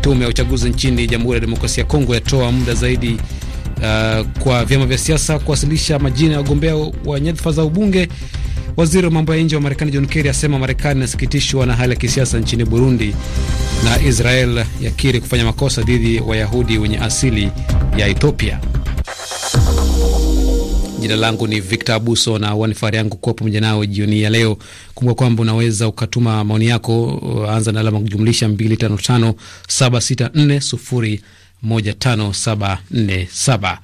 Tume ya uchaguzi nchini Jamhuri ya Demokrasia ya Kongo yatoa muda zaidi uh, kwa vyama vya siasa kuwasilisha majina ya wagombea wa nyadhifa za ubunge Waziri wa mambo ya nje wa Marekani John Kerry asema Marekani inasikitishwa na hali ya kisiasa nchini Burundi, na Israel yakiri kufanya makosa dhidi ya Wayahudi wenye asili ya Ethiopia. Jina langu ni Victor Abuso na wani fahari yangu kuwa pamoja nao jioni ya leo. Kumbuka kwamba unaweza ukatuma maoni yako, uh, anza na alama kujumlisha 255 764 015 747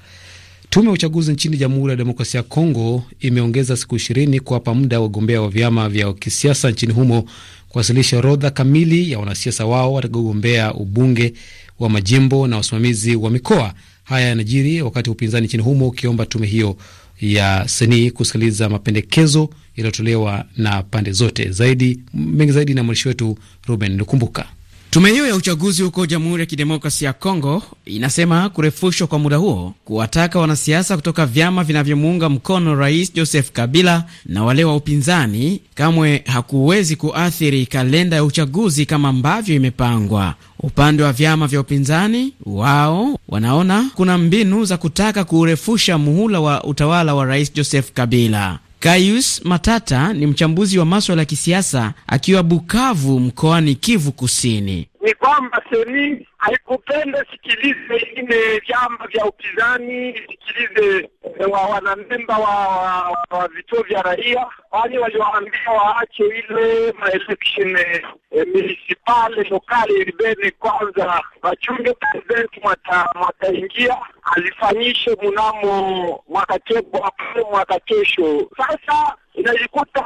Tume ya uchaguzi nchini Jamhuri ya Demokrasia ya Kongo imeongeza siku ishirini kuwapa muda wagombea wa vyama vya kisiasa nchini humo kuwasilisha orodha kamili ya wanasiasa wao watakaogombea ubunge wa majimbo na wasimamizi wa mikoa. Haya yanajiri wakati upinzani nchini humo ukiomba tume hiyo ya seni kusikiliza mapendekezo yaliyotolewa na pande zote. Zaidi mengi zaidi na mwandishi wetu Ruben Lukumbuka. Tume hiyo ya uchaguzi huko Jamhuri ya kidemokrasi ya Kongo inasema kurefushwa kwa muda huo kuwataka wanasiasa kutoka vyama vinavyomuunga mkono Rais Joseph Kabila na wale wa upinzani kamwe hakuwezi kuathiri kalenda ya uchaguzi kama ambavyo imepangwa. Upande wa vyama vya upinzani, wao wanaona kuna mbinu za kutaka kuurefusha muhula wa utawala wa Rais Joseph Kabila. Gaius Matata ni mchambuzi wa maswala ya kisiasa akiwa Bukavu mkoani Kivu Kusini ni kwamba seni haikupenda sikilize ile vyama vya upinzani sikilize eh, wa wanamemba wa, wa, wa vituo vya raia, kwani waliwaambia waache ile maelection eh, municipal lokale ilibeni kwanza wachunge president mwataingia alifanyishe mnamo mwaka kesho mwaka kesho sasa unajikuta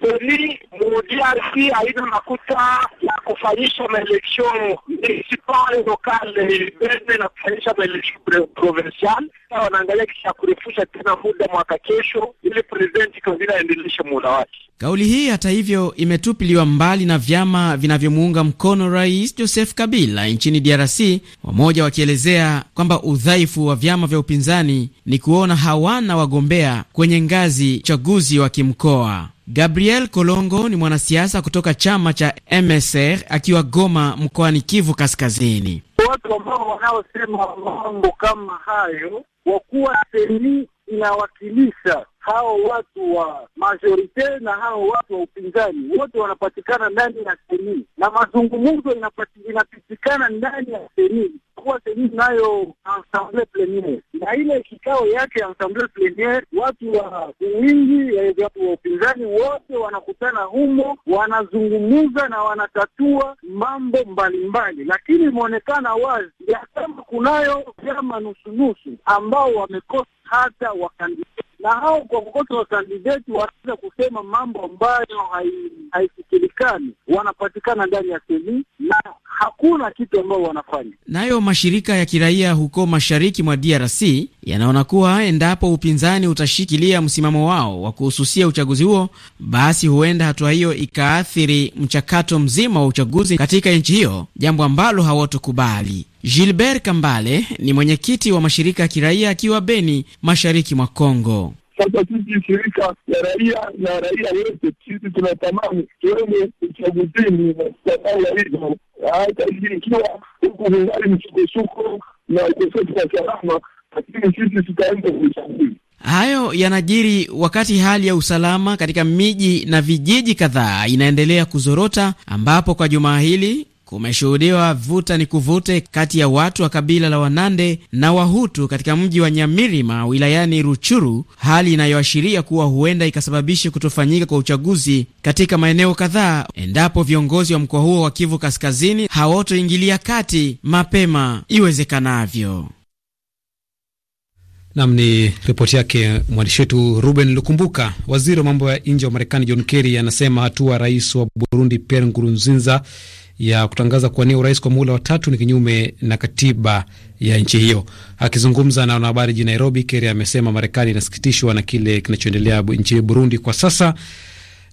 seni mu DRC makuta ya kufanyisha maeleksio municipal lokale bene na kufanyisha maeleksio provincial. Wanaangalia kisha kurefusha tena muda mwaka kesho, ili presidenti kazini aendeleshe muda wake. Kauli hii hata hivyo imetupiliwa mbali na vyama vinavyomuunga mkono Rais Joseph Kabila nchini DRC, wamoja wakielezea kwamba udhaifu wa vyama vya upinzani ni kuona hawana wagombea kwenye ngazi chaguzi wa kimu mkoa. Gabriel Kolongo ni mwanasiasa kutoka chama cha MSR akiwa Goma mkoani Kivu Kaskazini. Watu ambao wanaosema mambo kama hayo, wakuwa kuwa seni inawakilisha hao watu wa majorite na hao watu wa upinzani, wote wanapatikana ndani ya seni na mazungumzo inapatikana ndani ya seni kuwa sehemu nayo Assemblée plenier na ile kikao yake Assemblée plenier, watu wa wingi eh, wa upinzani wote wanakutana humo, wanazungumuza na wanatatua mambo mbalimbali Lakini imeonekana wazi ya kama kunayo vyama nusunusu ambao wamekosa hata wakandidati na hao kwa kukosa wakandidati wanaweza kusema mambo ambayo haisikilikani wanapatikana ndani ya seni na hakuna kitu ambao wanafanya. Nayo mashirika ya kiraia huko mashariki mwa DRC yanaona kuwa endapo upinzani utashikilia msimamo wao wa kuhususia uchaguzi huo, basi huenda hatua hiyo ikaathiri mchakato mzima wa uchaguzi katika nchi hiyo, jambo ambalo hawatokubali. Gilbert Kambale ni mwenyekiti wa mashirika ya kiraia akiwa Beni, mashariki mwa Kongo. Sasa sisi shirika ya raia na raia wote sisi tunatamani tuende uchaguzini na hizo hata hata ikiwa huku vingali msukosuko na ukosefu wa salama, lakini sisi tutaenda kuchaguzi. Hayo yanajiri wakati hali ya usalama katika miji na vijiji kadhaa inaendelea kuzorota, ambapo kwa jumaa hili kumeshuhudiwa vuta ni kuvute kati ya watu wa kabila la Wanande na Wahutu katika mji wa Nyamirima wilayani Ruchuru, hali inayoashiria kuwa huenda ikasababisha kutofanyika kwa uchaguzi katika maeneo kadhaa endapo viongozi wa mkoa huo wa Kivu Kaskazini hawatoingilia kati mapema iwezekanavyo. Nam ni ripoti yake mwandishi wetu Ruben Lukumbuka. Waziri wa mambo ya nje wa Marekani John Kerry anasema hatua rais wa Burundi Pierre Nkurunziza ya kutangaza kuwania urais kwa muhula wa tatu ni kinyume na katiba ya nchi hiyo. Akizungumza na wanahabari jijini Nairobi, Kerry amesema Marekani inasikitishwa na kile kinachoendelea nchini Burundi kwa sasa,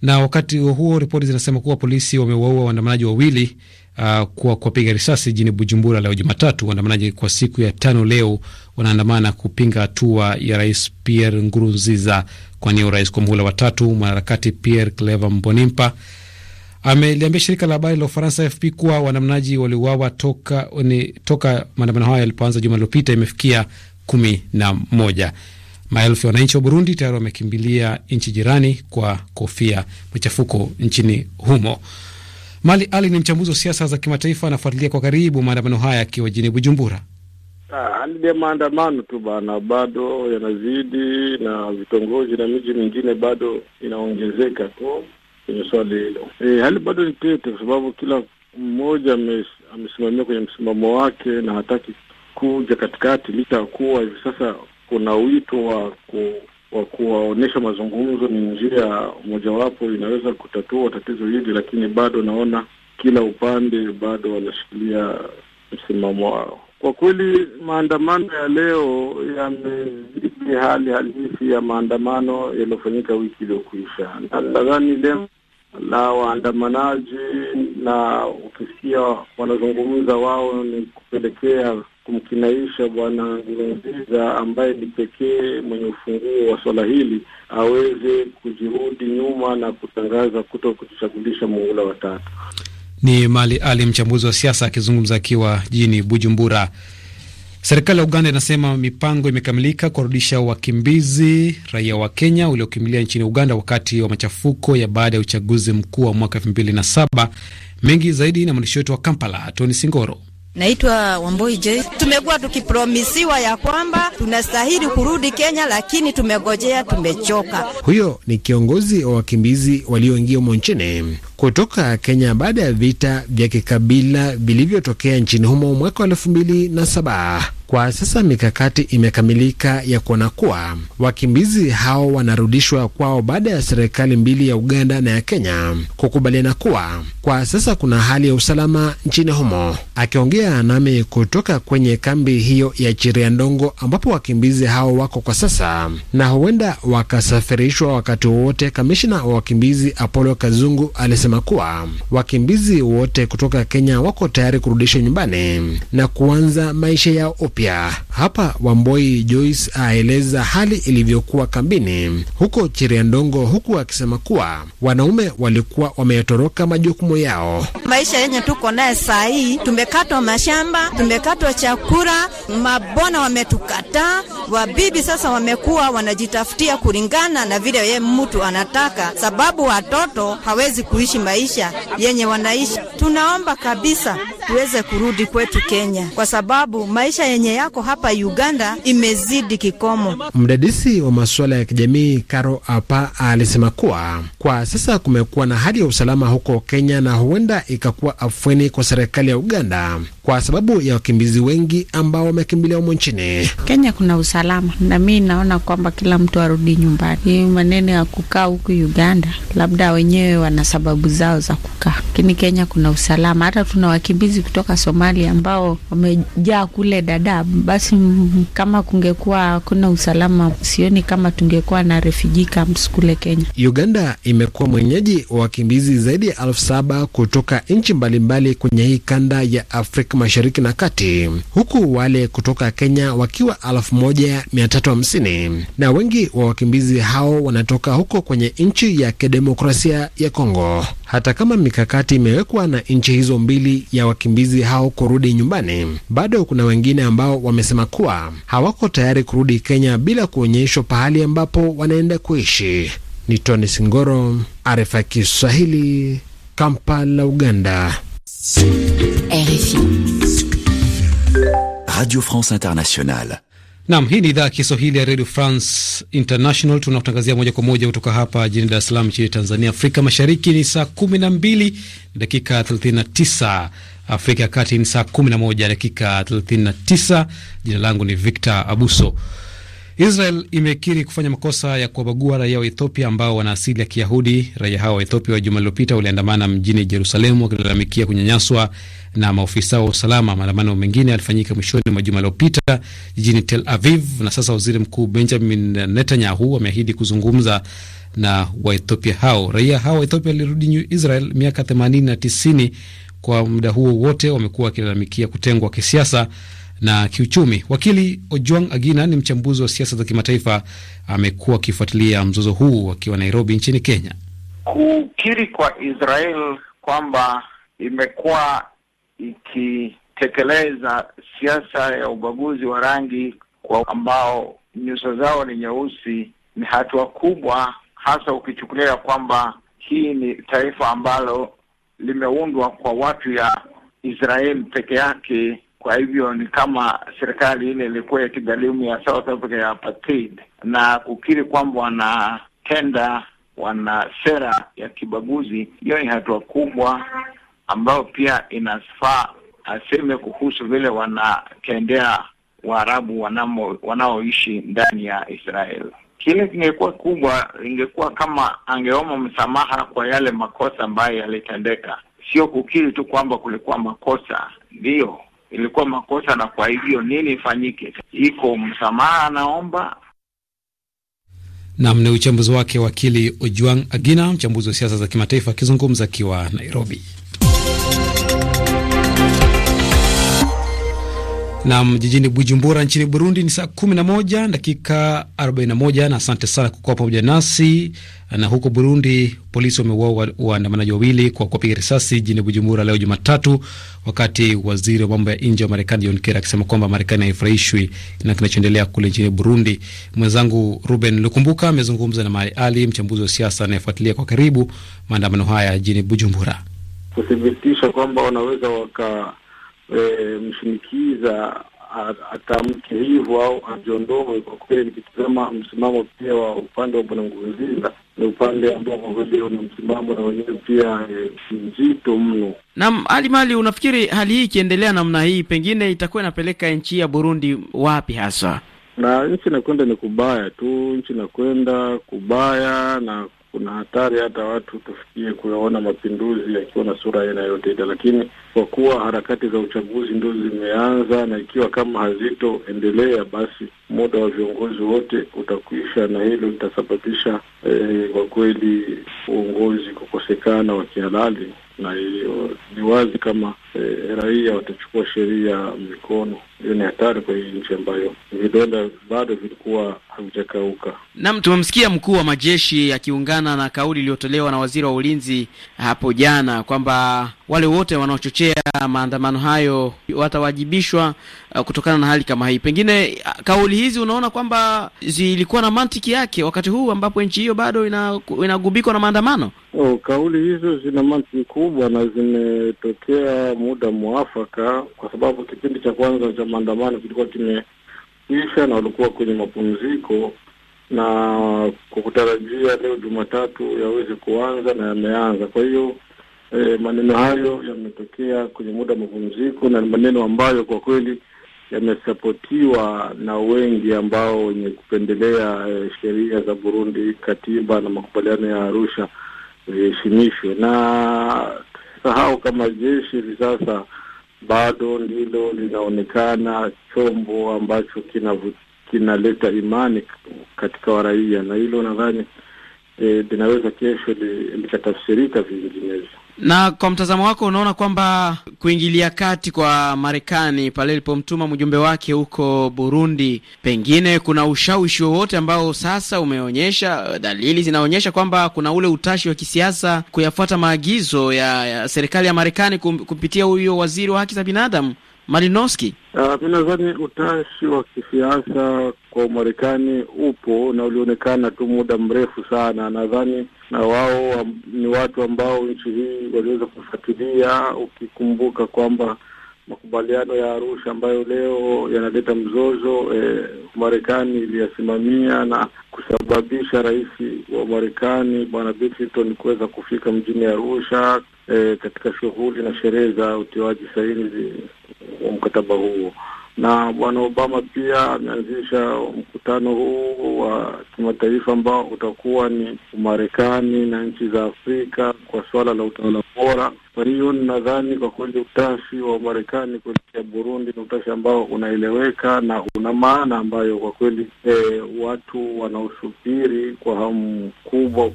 na wakati huo huo ripoti zinasema kuwa polisi wamewaua waandamanaji wawili uh, kwa kuwapiga risasi jijini Bujumbura leo Jumatatu. Waandamanaji kwa siku ya tano leo wanaandamana kupinga hatua ya rais Pierre Nkurunziza kuwania urais kwa muhula wa tatu. Mwanaharakati Pierre Clever Mbonimpa ameliambia shirika la habari la Ufaransa FP kuwa waandamanaji waliuawa toka, toka maandamano hayo yalipoanza juma lilopita imefikia kumi na moja. Maelfu ya wananchi wa Burundi tayari wamekimbilia nchi jirani kwa kofia machafuko nchini humo. Mali Ali ni mchambuzi wa siasa za kimataifa, anafuatilia kwa karibu maandamano haya akiwa jini Bujumbura. Ah, hali ya maandamano tu bana, bado yanazidi na vitongoji na miji mingine bado inaongezeka tu kwenye swali hilo. E, hali bado ni tete kwa sababu kila mmoja amesimamia kwenye msimamo wake na hataki kuja katikati, licha ya kuwa hivi sasa kuna wito wa ku, wa kuwaonyesha mazungumzo ni njia mojawapo inaweza kutatua tatizo hili, lakini bado naona kila upande bado wanashikilia msimamo wao. Kwa kweli maandamano ya leo yamezidi hali halisi ya maandamano yaliyofanyika wiki iliyokuisha, na nadhani lengo na waandamanaji, na ukisikia wanazungumza wao ni kupelekea kumkinaisha Bwana Nkurunziza ambaye ni pekee mwenye ufunguo wa swala hili aweze kujirudi nyuma na kutangaza kuto kujichagulisha muhula watatu. Ni Mali Ali, mchambuzi wa siasa akizungumza akiwa jijini Bujumbura. Serikali ya Uganda inasema mipango imekamilika kuwarudisha wakimbizi raia wa Kenya waliokimbilia nchini Uganda wakati wa machafuko ya baada ya uchaguzi mkuu wa mwaka 2007. Mengi zaidi na mwandishi wetu wa Kampala, Tony Singoro. Naitwa Wamboi J. Tumekuwa tukipromisiwa ya kwamba tunastahili kurudi Kenya, lakini tumegojea, tumechoka. Huyo ni kiongozi wa wakimbizi walioingia humo nchini kutoka Kenya baada ya vita vya kikabila vilivyotokea nchini humo mwaka wa elfu mbili na saba. Kwa sasa mikakati imekamilika ya kuona kuwa wakimbizi hao wanarudishwa kwao baada ya serikali mbili ya Uganda na ya Kenya kukubaliana kuwa kwa sasa kuna hali ya usalama nchini humo. Akiongea nami kutoka kwenye kambi hiyo ya ndongo ambapo wakimbizi hao wako kwa sasa na huenda wakasafirishwa wakati wowote, kamishna wa wakimbizi Apollo Kazungu alisema amesema kuwa wakimbizi wote kutoka Kenya wako tayari kurudishwa nyumbani na kuanza maisha yao upya. Hapa Wamboi Joyce aeleza hali ilivyokuwa kambini huko Chiriandongo, huku akisema kuwa wanaume walikuwa wameyatoroka majukumu yao. Maisha yenye tuko naye saa hii, tumekatwa mashamba, tumekatwa chakula, mabwana wametukataa, wabibi sasa wamekuwa wanajitafutia kulingana na vile yeye mtu anataka, sababu watoto hawezi kuishi kuishi maisha yenye wanaishi. Tunaomba kabisa tuweze kurudi kwetu Kenya, kwa sababu maisha yenye yako hapa Uganda imezidi kikomo. Mdadisi wa masuala ya kijamii Karo Apa alisema kuwa kwa sasa kumekuwa na hali ya usalama huko Kenya na huenda ikakuwa afweni kwa serikali ya Uganda kwa sababu ya wakimbizi wengi ambao wamekimbilia humo nchini. Kenya kuna usalama, na mi naona kwamba kila mtu arudi nyumbani. Hii maneno ya kukaa huku Uganda, labda wenyewe wana sababu zao za kukaa, lakini Kenya kuna usalama. Hata tuna wakimbizi kutoka Somalia ambao wamejaa kule Dadaab. Basi kama kungekuwa kuna usalama, sioni kama tungekuwa na refugee camps kule Kenya. Uganda imekuwa mwenyeji wa wakimbizi zaidi ya elfu saba kutoka nchi mbalimbali kwenye hii kanda ya Afrika Mashariki na Kati, huku wale kutoka Kenya wakiwa 1350 na wengi wa wakimbizi hao wanatoka huko kwenye nchi ya kidemokrasia ya Kongo. Hata kama mikakati imewekwa na nchi hizo mbili ya wakimbizi hao kurudi nyumbani, bado kuna wengine ambao wamesema kuwa hawako tayari kurudi Kenya bila kuonyeshwa pahali ambapo wanaenda kuishi. Ni Tony Singoro, RFI Kiswahili, Kampala, Uganda. RFI. Radio France Internationale. Naam, hii ni idhaa ya Kiswahili ya Radio France International. Tunakutangazia moja kwa moja kutoka hapa jijini Dar es Salaam nchini Tanzania. Afrika Mashariki ni saa 12 dakika 39, Afrika ya Kati ni saa 11 dakika 39. Jina langu ni Victor Abuso. Israel imekiri kufanya makosa ya kuwabagua raia wa Ethiopia ambao wana asili ya Kiyahudi. Raia hao wa Ethiopia wa juma lililopita waliandamana mjini Jerusalemu wakilalamikia kunyanyaswa na maofisa wa usalama. Maandamano mengine yalifanyika mwishoni mwa juma lililopita jijini Tel Aviv, na sasa waziri mkuu Benjamin Netanyahu ameahidi kuzungumza na Waethiopia hao. Raia hao wa Ethiopia walirudi Israel miaka themanini na 90 Kwa muda huo wote wamekuwa wakilalamikia kutengwa kisiasa na kiuchumi. Wakili ojuang Agina ni mchambuzi wa siasa za kimataifa, amekuwa akifuatilia mzozo huu akiwa Nairobi nchini Kenya. Kukiri kwa Israel kwamba imekuwa ikitekeleza siasa ya ubaguzi wa rangi kwa ambao nyuso zao ni nyeusi ni hatua kubwa, hasa ukichukulia kwamba hii ni taifa ambalo limeundwa kwa watu ya Israel peke yake kwa hivyo ni kama serikali ile ilikuwa ikigharimu ya South Africa ya apartheid na kukiri kwamba wanatenda wana sera ya kibaguzi. Hiyo ni hatua kubwa ambayo pia inafaa aseme kuhusu vile wanatendea Waarabu wanaoishi ndani ya Israel. Kile kingekuwa kubwa, ingekuwa kama angeomba msamaha kwa yale makosa ambayo yalitendeka, sio kukiri tu kwamba kulikuwa makosa. Ndiyo, ilikuwa makosa, na kwa hivyo nini ifanyike? Iko msamaha anaomba nam. Ni uchambuzi wake wakili Ojuang Agina, mchambuzi wa siasa za kimataifa akizungumza akiwa Nairobi. Nam jijini Bujumbura nchini Burundi ni saa 11 dakika 41, na asante sana kukuwa pamoja nasi. Na huko Burundi polisi wameua waandamanaji wawili kwa kuwapiga risasi jijini Bujumbura leo Jumatatu, wakati waziri wa mambo ya nje wa Marekani John Kerry akisema kwamba Marekani haifurahishwi na kinachoendelea kule nchini Burundi. Mwenzangu Ruben Lukumbuka amezungumza na Mali Ali, mchambuzi wa siasa anayefuatilia kwa karibu maandamano haya jijini Bujumbura kuthibitisha kwamba wanaweza waka e, mshinikiza atamke hivyo au ajiondoe. Kwa kweli, nikitizama msimamo pia wa upande wa bwana Nkurunziza ni upande ambao kwa kweli una msimamo na wenyewe pia eh, mzito mno. Naam, Ali Mali, unafikiri hali hii ikiendelea namna hii pengine itakuwa inapeleka nchi ya Burundi wapi hasa? Na nchi inakwenda ni kubaya tu, nchi inakwenda kubaya na kuna hatari hata watu tufikie kuyaona mapinduzi yakiwa na sura aina yote ile, lakini kwa kuwa harakati za uchaguzi ndo zimeanza na ikiwa kama hazitoendelea, basi muda wa viongozi wote utakwisha, na hilo litasababisha eh, kwa kweli uongozi kukosekana wa kihalali, na hiyo ni wazi kama eh, raia watachukua sheria mikono. Hiyo ni hatari kwa hii nchi ambayo vidonda bado vilikuwa haujakauka. Naam, tumemsikia mkuu wa majeshi akiungana na kauli iliyotolewa na waziri wa ulinzi hapo jana kwamba wale wote wanaochochea maandamano hayo watawajibishwa uh, kutokana na hali kama hii. Pengine uh, kauli hizi unaona kwamba zilikuwa na mantiki yake wakati huu ambapo nchi hiyo bado inagubikwa ina na maandamano? Oh, kauli hizo zina mantiki kubwa na zimetokea muda mwafaka, kwa sababu kipindi cha kwanza cha maandamano kilikuwa kime kuisha na walikuwa kwenye mapumziko na kwa kutarajia leo Jumatatu yaweze kuanza na yameanza. Kwa hiyo e, maneno hayo yametokea kwenye muda wa mapumziko na maneno ambayo kwa kweli yamesapotiwa na wengi ambao wenye kupendelea e, sheria za Burundi, katiba na makubaliano ya Arusha ziheshimishwe, eh, na sahau kama jeshi hivi sasa bado ndilo linaonekana chombo ambacho kinaleta kina imani katika waraia, na hilo nadhani eh, linaweza e, kesho likatafsirika vinginevyo. Na kwa mtazamo wako unaona kwamba kuingilia kati kwa Marekani pale ilipomtuma mjumbe wake huko Burundi, pengine kuna ushawishi wowote ambao sasa umeonyesha, dalili zinaonyesha kwamba kuna ule utashi wa kisiasa kuyafuata maagizo ya, ya serikali ya Marekani kupitia huyo waziri wa haki za binadamu Malinowski? Uh, ah, minadhani utashi wa kisiasa kwa Marekani upo na ulionekana tu muda mrefu sana, nadhani na wao ni watu ambao nchi hii waliweza kufuatilia. Ukikumbuka kwamba makubaliano ya Arusha ambayo leo yanaleta mzozo eh, Marekani iliyasimamia na kusababisha rais wa Marekani bwana Clinton kuweza kufika mjini Arusha eh, katika shughuli na sherehe za utiwaji saini wa mkataba huo na Bwana Obama pia ameanzisha mkutano huu wa kimataifa ambao utakuwa ni marekani na nchi za Afrika kwa suala la utawala bora. kwa hiyo nadhani kwa kweli utashi wa Umarekani kuelekea Burundi ni utashi ambao unaeleweka na una maana ambayo kwa kweli eh, watu wanaosubiri kwa hamu kubwa.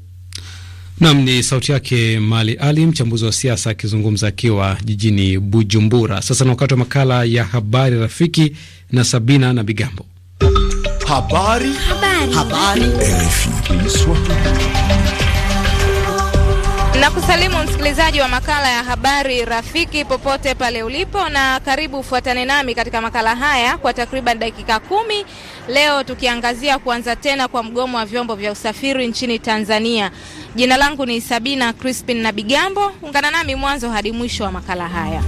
Nam ni sauti yake Mali Ali, mchambuzi wa siasa akizungumza akiwa jijini Bujumbura. Sasa ni wakati wa makala ya habari rafiki na Sabina na Bigambo. Habari. Habari. Habari. Habari. Nakusalimu msikilizaji wa makala ya habari rafiki popote pale ulipo, na karibu ufuatane nami katika makala haya kwa takriban dakika kumi. Leo tukiangazia kuanza tena kwa mgomo wa vyombo vya usafiri nchini Tanzania. Jina langu ni Sabina Crispin na Bigambo, ungana nami mwanzo hadi mwisho wa makala haya.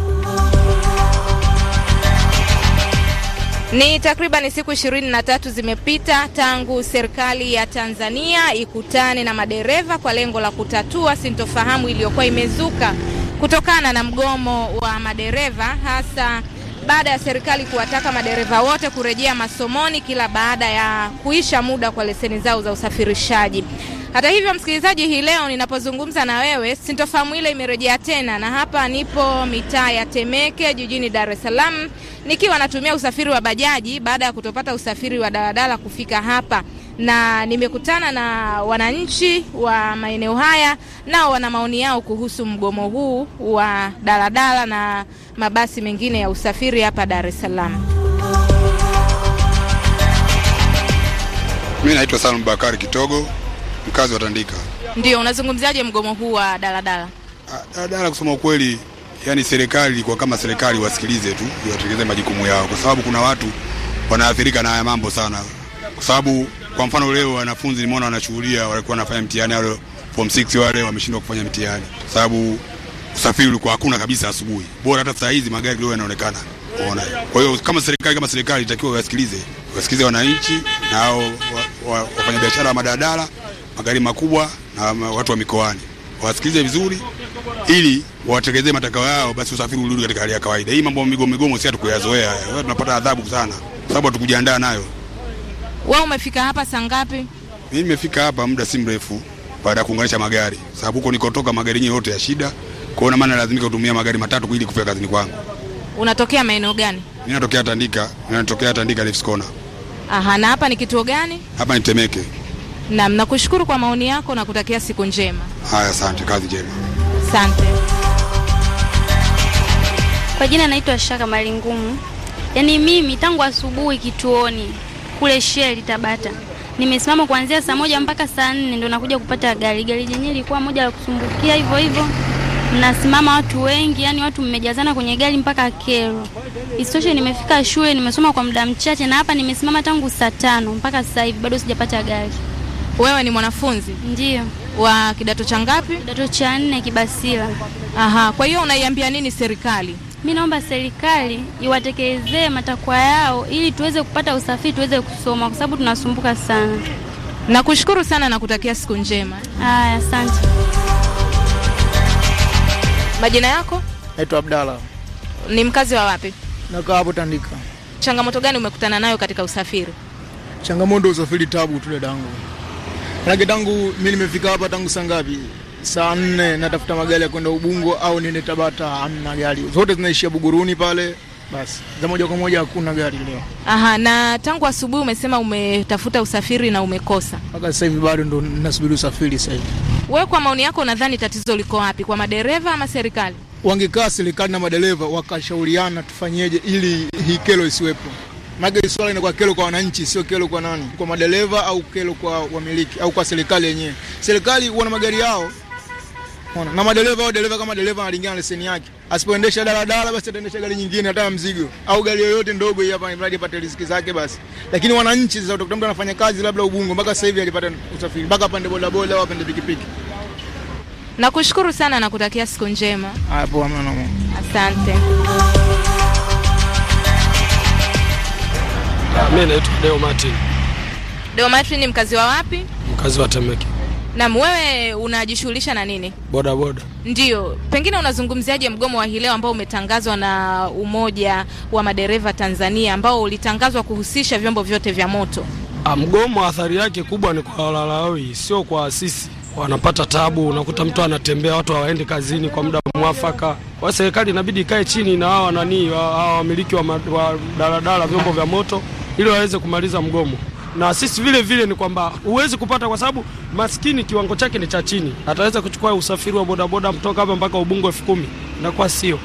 Ni takriban siku ishirini na tatu zimepita tangu serikali ya Tanzania ikutane na madereva kwa lengo la kutatua sintofahamu iliyokuwa imezuka kutokana na mgomo wa madereva hasa baada ya serikali kuwataka madereva wote kurejea masomoni kila baada ya kuisha muda kwa leseni zao za usafirishaji. Hata hivyo, msikilizaji, hii leo ninapozungumza na wewe, sintofahamu ile imerejea tena, na hapa nipo mitaa ya Temeke jijini Dar es Salaam nikiwa natumia usafiri wa bajaji baada ya kutopata usafiri wa daladala kufika hapa na nimekutana na wananchi wa maeneo haya, nao wana maoni yao kuhusu mgomo huu wa daladala na mabasi mengine ya usafiri hapa Dar es Salaam. Mimi naitwa Salum Bakari Kitogo, wafanyakazi watandika. Ndio, unazungumziaje mgomo huu wa daladala? Ah, daladala kusema ukweli, yani serikali kwa kama serikali wasikilize tu, iwatekeleze majukumu yao, kwa sababu kuna watu wanaathirika na haya mambo sana, kwa sababu kwa mfano leo wanafunzi nimeona wanashughulia, walikuwa wanafanya mtihani wale form 6 wale wameshindwa kufanya mtihani kwa sababu usafiri ulikuwa hakuna kabisa asubuhi. Bora hata saa hizi magari leo yanaonekana. kwa hiyo kama serikali kama serikali itakiwa wasikilize wasikilize wananchi na hao wafanyabiashara wa, wa, wa madadala magari makubwa na watu wa mikoani, wasikilize vizuri ili watekeleze matakao yao, basi usafiri urudi katika hali ya kawaida. Hii mambo migomo migomo si hatukuyazoea, tunapata adhabu sana sababu hatukujiandaa nayo. Wewe umefika hapa saa ngapi? Mimi nimefika hapa muda si mrefu baada ya kuunganisha magari, sababu huko nikotoka magari yenyewe yote ya shida, kwa hiyo na maana lazimika kutumia magari matatu ili kufika kazini kwangu. Unatokea maeneo gani? Mimi natokea Tandika, natokea Tandika Lifskona. Aha, na hapa ni kituo gani? Hapa ni Temeke. Naam, nakushukuru kwa maoni yako na kutakia siku njema. Haya, asante, kazi njema. Asante. Kwa jina naitwa Shaka Mali Ngumu. Yaani mimi tangu asubuhi kituoni kule Sheli Tabata nimesimama kuanzia saa moja mpaka saa nne ndo nakuja kupata gari. Gari lenyewe lilikuwa moja la kusumbukia hivyo hivyo, mnasimama watu wengi, yani watu mmejazana kwenye gari mpaka kero. Isitoshe nimefika shule nimesoma kwa muda mchache, na hapa nimesimama tangu saa tano mpaka sasa hivi bado sijapata gari. Wewe ni mwanafunzi? Ndiyo. Wa kidato cha ngapi? Kidato cha nne, Kibasila. Aha, kwa hiyo unaiambia nini serikali? Mi naomba serikali iwatekelezee matakwa yao ili tuweze kupata usafiri tuweze kusoma, kwa sababu tunasumbuka sana. Nakushukuru sana na kutakia siku njema. Aya, asante. Majina yako? Naitwa Abdalla. Ni mkazi wa wapi? Nakaa hapo Tandika. Changamoto gani umekutana nayo katika usafiri? Changamoto usafiri tabu tule dango Manake tangu mi nimefika hapa tangu saa ngapi? Saa nne natafuta magari ya kwenda Ubungo au niende Tabata, hamna gari, zote zinaishia Buguruni pale basi za moja kwa moja hakuna gari leo. Aha, na tangu asubuhi umesema umetafuta usafiri na umekosa. Mpaka sasa hivi bado ndo nasubiri usafiri sasa hivi. Wewe kwa maoni yako unadhani tatizo liko wapi, kwa madereva ama serikali? Wangekaa serikali na madereva wakashauriana tufanyeje ili hii kero isiwepo. Maana swala inakuwa kero kwa wananchi, sio kero kwa nani, kwa madereva au kero kwa wamiliki au kwa serikali yenyewe. Serikali huwa na magari yao na madereva au dereva, kama dereva analingana na leseni yake, asipoendesha daladala basi ataendesha gari nyingine, hata mzigo au gari yoyote ndogo hii hapa, mradi apate riziki zake basi. Lakini wananchi sasa, utakuta mtu anafanya kazi labda Ubungo mpaka sasa hivi alipata usafiri mpaka pande boda boda au pande pikipiki. Nakushukuru sana na kutakia siku njema. Ah, poa Hapo amana. Asante. Mimi naitwa Deo Martin. Deo Martin ni mkazi wa wapi? Mkazi wa Temeke. Na wewe unajishughulisha na nini? Boda boda. Ndio. Pengine unazungumziaje mgomo wa hii leo ambao umetangazwa na Umoja wa Madereva Tanzania ambao ulitangazwa kuhusisha vyombo vyote vya moto? A, ah, mgomo athari yake kubwa ni kwa walalawi, sio kwa sisi. Wanapata tabu, unakuta mtu anatembea, watu hawaendi kazini kwa muda mwafaka. Kwa serikali inabidi ikae chini na hawa nani, hawa wamiliki wa, wa daladala, vyombo vya moto ili waweze kumaliza mgomo. Na sisi vile vile ni kwamba huwezi kupata, kwa sababu maskini kiwango chake ni cha chini, ataweza kuchukua usafiri wa bodaboda mtoka hapa mpaka Ubungo elfu kumi na kwa sio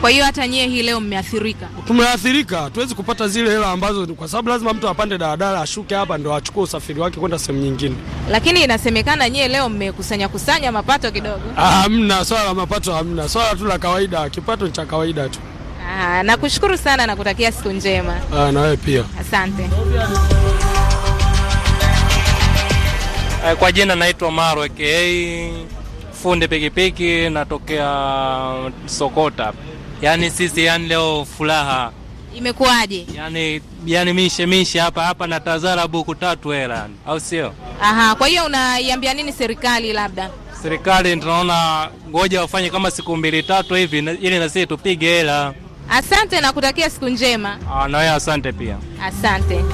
kwa hiyo hata nyie hii leo mmeathirika? Tumeathirika, tuwezi kupata zile hela ambazo, kwa sababu lazima mtu apande daladala ashuke hapa ndo achukue usafiri wake kwenda sehemu nyingine. Lakini inasemekana nyie leo mmekusanya kusanya mapato kidogo? Hamna swala la mapato, hamna swala tu la kawaida, kipato ni cha kawaida tu. Ah, nakushukuru sana na kutakia siku njema. Ah, na wewe pia. Asante. Eh, kwa jina naitwa Maro aka fundi pikipiki, natokea Sokota. Yaani sisi, yani leo furaha imekuwaje? Yaani yani mishemishe hapa hapa na tazara buku tatu hela, yaani, au sio? Aha, kwa hiyo unaiambia nini serikali? Labda serikali tunaona ngoja wafanye kama siku mbili tatu hivi, ili na sisi tupige hela. Asante na kutakia siku njema. Ah, na wewe asante pia. Asante.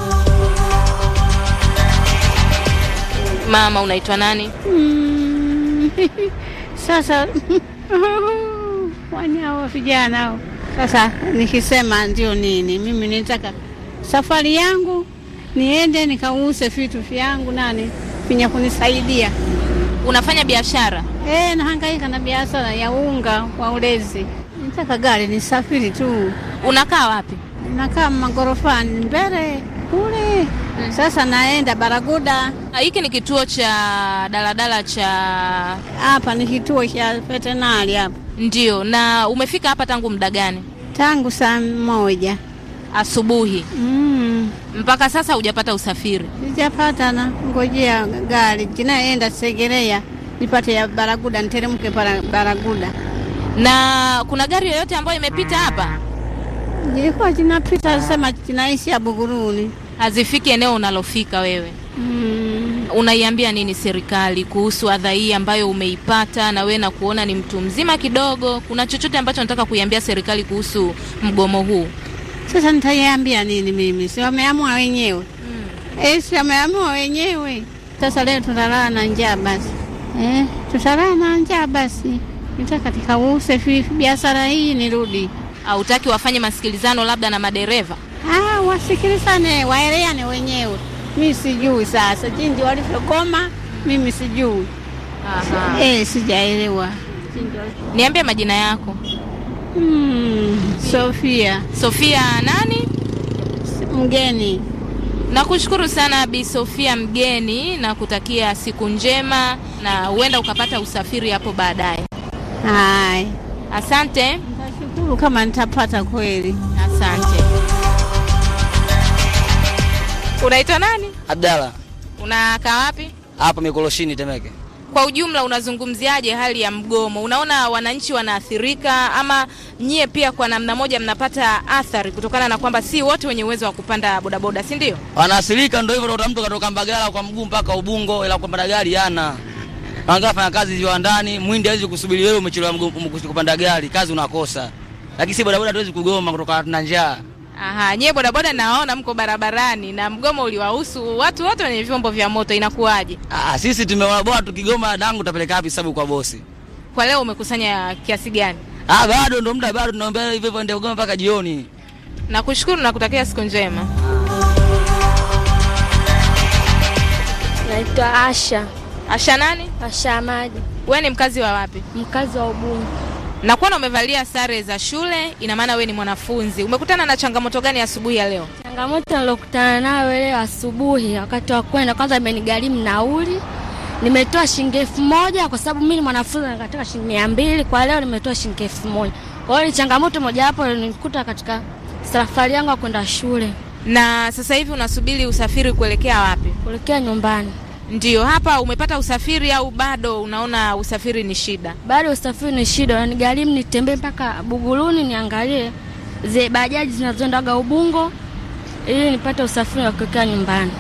Mama, unaitwa nani? Mm, sasa wanyao vijana hao. Sasa nikisema ndio nini, mimi nitaka safari yangu niende nikauze vitu vyangu, nani vinya kunisaidia. Unafanya biashara? Eh, nahangaika na biashara ya unga wa ulezi. Nataka gari nisafiri tu. Unakaa wapi? Nakaa magorofani mbele kule. Hmm. Sasa naenda Baraguda. Ah, hiki ni kituo cha daladala cha hapa, ni kituo cha vetenari hapa. Ndio. Na umefika hapa tangu muda gani? Tangu saa moja asubuhi. Mm. Mpaka sasa hujapata usafiri? Sijapata, na ngojea gari kinaenda Segerea nipate ya Baraguda, niteremke para Baraguda. Na kuna gari yoyote ambayo imepita hapa? Ilikuwa zinapita sema zinaishi ya Buguruni, hazifiki eneo unalofika wewe. Mm. Unaiambia nini serikali kuhusu adha hii ambayo umeipata na wewe na kuona ni mtu mzima kidogo? Kuna chochote ambacho nataka kuiambia serikali kuhusu mgomo huu? Sasa nitaiambia nini mimi? Si wameamua wenyewe. Mm. Eh, si wameamua wenyewe. Sasa leo tutalala na njaa basi. Eh, tutalala na njaa basi nita katika usefi biashara hii nirudi. Hautaki wafanye masikilizano labda na madereva? Ah, wasikilizane waeleane wenyewe. Mi sijui sasa jinji walivyokoma, mimi sijui eh, sijaelewa. Niambie majina yako. Mm, Sofia. Sofia nani? Mgeni. Nakushukuru sana Bi Sofia Mgeni na kutakia siku njema na huenda ukapata usafiri hapo baadaye. Hai, asante. nashukuru kama nitapata kweli. Asante. Unaitwa nani? Abdalla. Unakaa wapi? Hapa Mikoloshini, Temeke. Kwa ujumla unazungumziaje hali ya mgomo? Unaona wananchi wanaathirika ama nyie pia kwa namna moja mnapata athari kutokana na kwamba si wote wenye uwezo wa kupanda bodaboda, si ndio? Wanaathirika, ndio hivyo. Utakuta mtu katoka Mbagala kwa mguu mpaka Ubungo, ila kupanda gari yana fanya kazi viwandani. Mwindi hawezi kusubiri wewe umechelewa kupanda gari, kazi unakosa. Lakini si bodaboda hatuwezi kugoma kutoka na njaa. Aha, nyie bodaboda naona mko barabarani na mgomo uliwahusu watu wote wenye vyombo vya moto inakuwaje? Ah, ah sisi bora tukigoma dangu tutapeleka wapi sababu kwa bosi. Kwa leo umekusanya kiasi gani? Ah, bado ndo muda bado tunaombea hivyo hivyo ndio goma mpaka jioni. Nakushukuru na kutakia siku njema. Naitwa Asha. Asha nani? Asha Amadi. Wewe ni mkazi wa wapi? Mkazi wa Ubungo. Na kuona umevalia sare za shule, ina maana wewe ni mwanafunzi. Umekutana na changamoto gani asubuhi ya, leo? Changamoto nilokutana nayo leo asubuhi wakati wa kwenda kwanza, imenigharimu nauli. Nimetoa shilingi elfu moja kwa sababu mimi ni mwanafunzi nakataka shilingi mia mbili kwa leo nimetoa shilingi elfu moja. Kwa hiyo ni changamoto moja hapo nilikuta katika safari yangu ya kwenda shule. Na sasa hivi unasubiri usafiri kuelekea wapi? Kuelekea nyumbani. Ndio, hapa umepata usafiri au bado unaona usafiri ni shida? Bado usafiri ni shida, unanigharimu nitembee mpaka Buguruni niangalie ze bajaji zinazoendaga Ubungo ili nipate usafiri wa kuelekea nyumbani.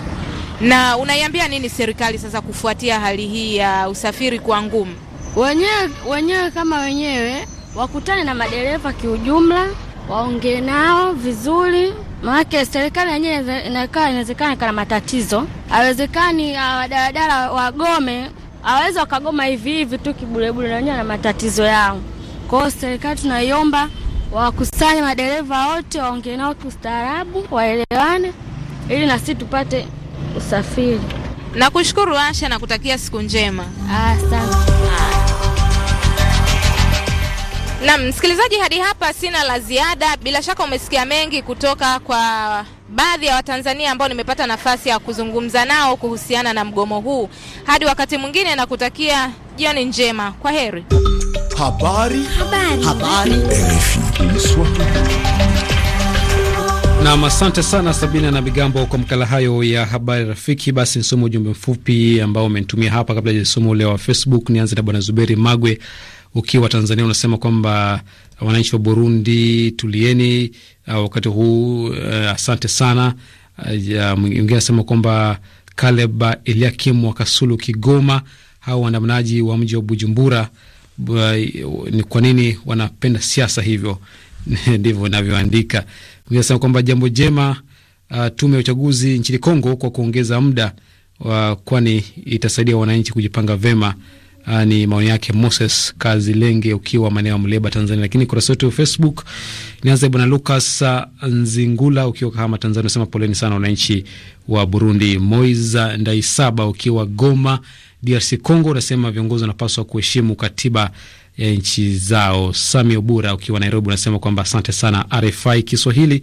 Na unaiambia nini serikali sasa kufuatia hali hii ya usafiri kwa ngumu? Wenyewe wenyewe kama wenyewe wakutane na madereva kiujumla, waongee nao vizuri Maanake serikali yenyewe inakaa inawezekana kana matatizo, hawezekani ah, daladala wagome, awezi wakagoma hivi hivi tu kiburebure, na wenyewe na matatizo yao. Kwa hiyo serikali tunaiomba wakusanye madereva wote, waongee nao kiustaarabu, waelewane ili na sisi tupate usafiri. Nakushukuru Asha na kutakia siku njema. Asante. Na msikilizaji, hadi hapa sina la ziada. Bila shaka umesikia mengi kutoka kwa baadhi ya Watanzania ambao nimepata nafasi ya kuzungumza nao kuhusiana na mgomo huu. Hadi wakati mwingine, na kutakia jioni njema. Kwa heri. Habari. Habari. Habari. Nam, asante sana Sabina na Bigambo kwa makala hayo ya habari rafiki. Basi nisome ujumbe mfupi ambao umenitumia hapa kabla ya somo ule wa Facebook. Nianze na Bwana Zuberi Magwe ukiwa Tanzania unasema kwamba wananchi wa Burundi tulieni uh, wakati huu, uh, asante sana. Uh, mwingine anasema kwamba Kaleb Eliakim wa Kasulu, Kigoma, hao waandamanaji wa mji wa Bujumbura uh, ni kwa nini wanapenda siasa hivyo? Ndivyo inavyoandika. Nasema kwamba jambo jema, uh, tume ya uchaguzi nchini Kongo kwa kuongeza muda, uh, kwani itasaidia wananchi kujipanga vema. Aa, ah, ni maoni yake Moses Kazilenge ukiwa maeneo ya Mleba, Tanzania. Lakini kurasa wetu Facebook, nianze bwana Lucas ah, Nzingula ukiwa Kahama, Tanzania, unasema poleni sana wananchi wa Burundi. Moiza Ndaisaba ukiwa Goma, DRC Congo, unasema viongozi wanapaswa kuheshimu katiba ya nchi zao. Sami Obura ukiwa Nairobi unasema kwamba asante sana RFI Kiswahili.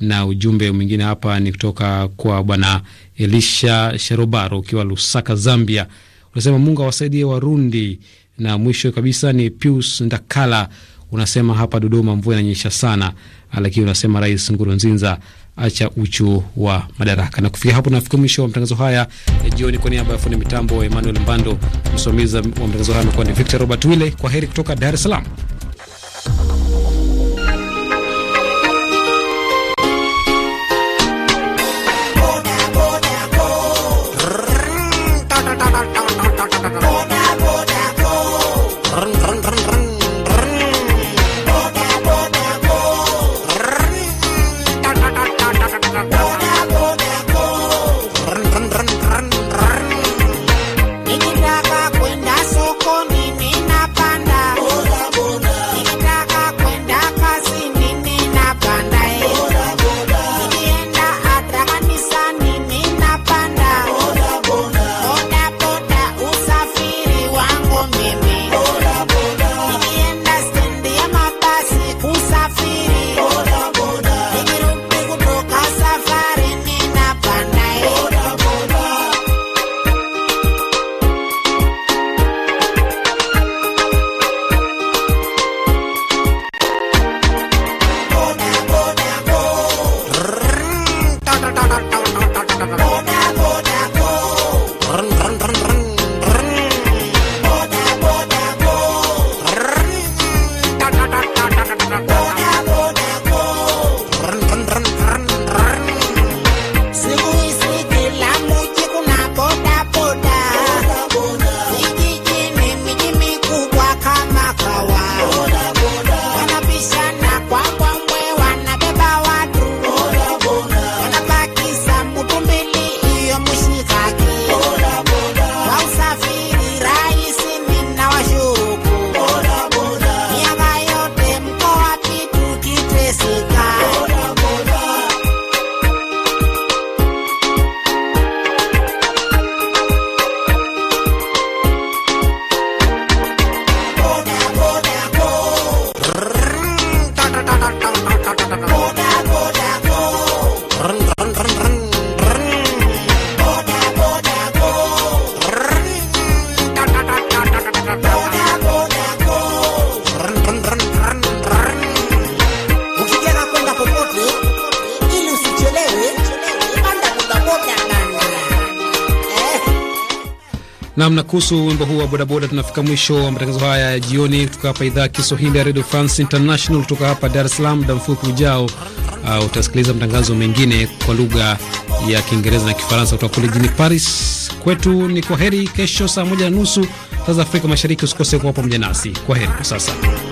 Na ujumbe mwingine hapa ni kutoka kwa bwana Elisha Sherobaro ukiwa Lusaka, Zambia unasema Mungu awasaidie Warundi. Na mwisho kabisa ni Pius Ndakala, unasema hapa Dodoma mvua inanyesha sana, lakini unasema Rais Nkurunziza acha uchu wa madaraka. Na kufikia hapo, nafikia mwisho wa matangazo haya ya jioni. Kwa niaba ya fundi mitambo Emmanuel Mbando, msimamizi wa matangazo haya amekuwa ni Victor Robert wille Kwa heri kutoka Dar es Salaam. Go now, go now, go. Run, kuhusu wimbo huu wa bodaboda, tunafika mwisho wa matangazo haya ya jioni kutoka hapa idhaa ya Kiswahili ya Radio France International. Kutoka hapa Dar es Salaam, muda mfupi ujao uh, utasikiliza matangazo mengine kwa lugha ya Kiingereza na Kifaransa kutoka kule jijini Paris. Kwetu ni kwa heri, kesho saa moja na nusu saa za Afrika Mashariki. Usikose kuwa pamoja nasi. Kwa heri kwa sasa.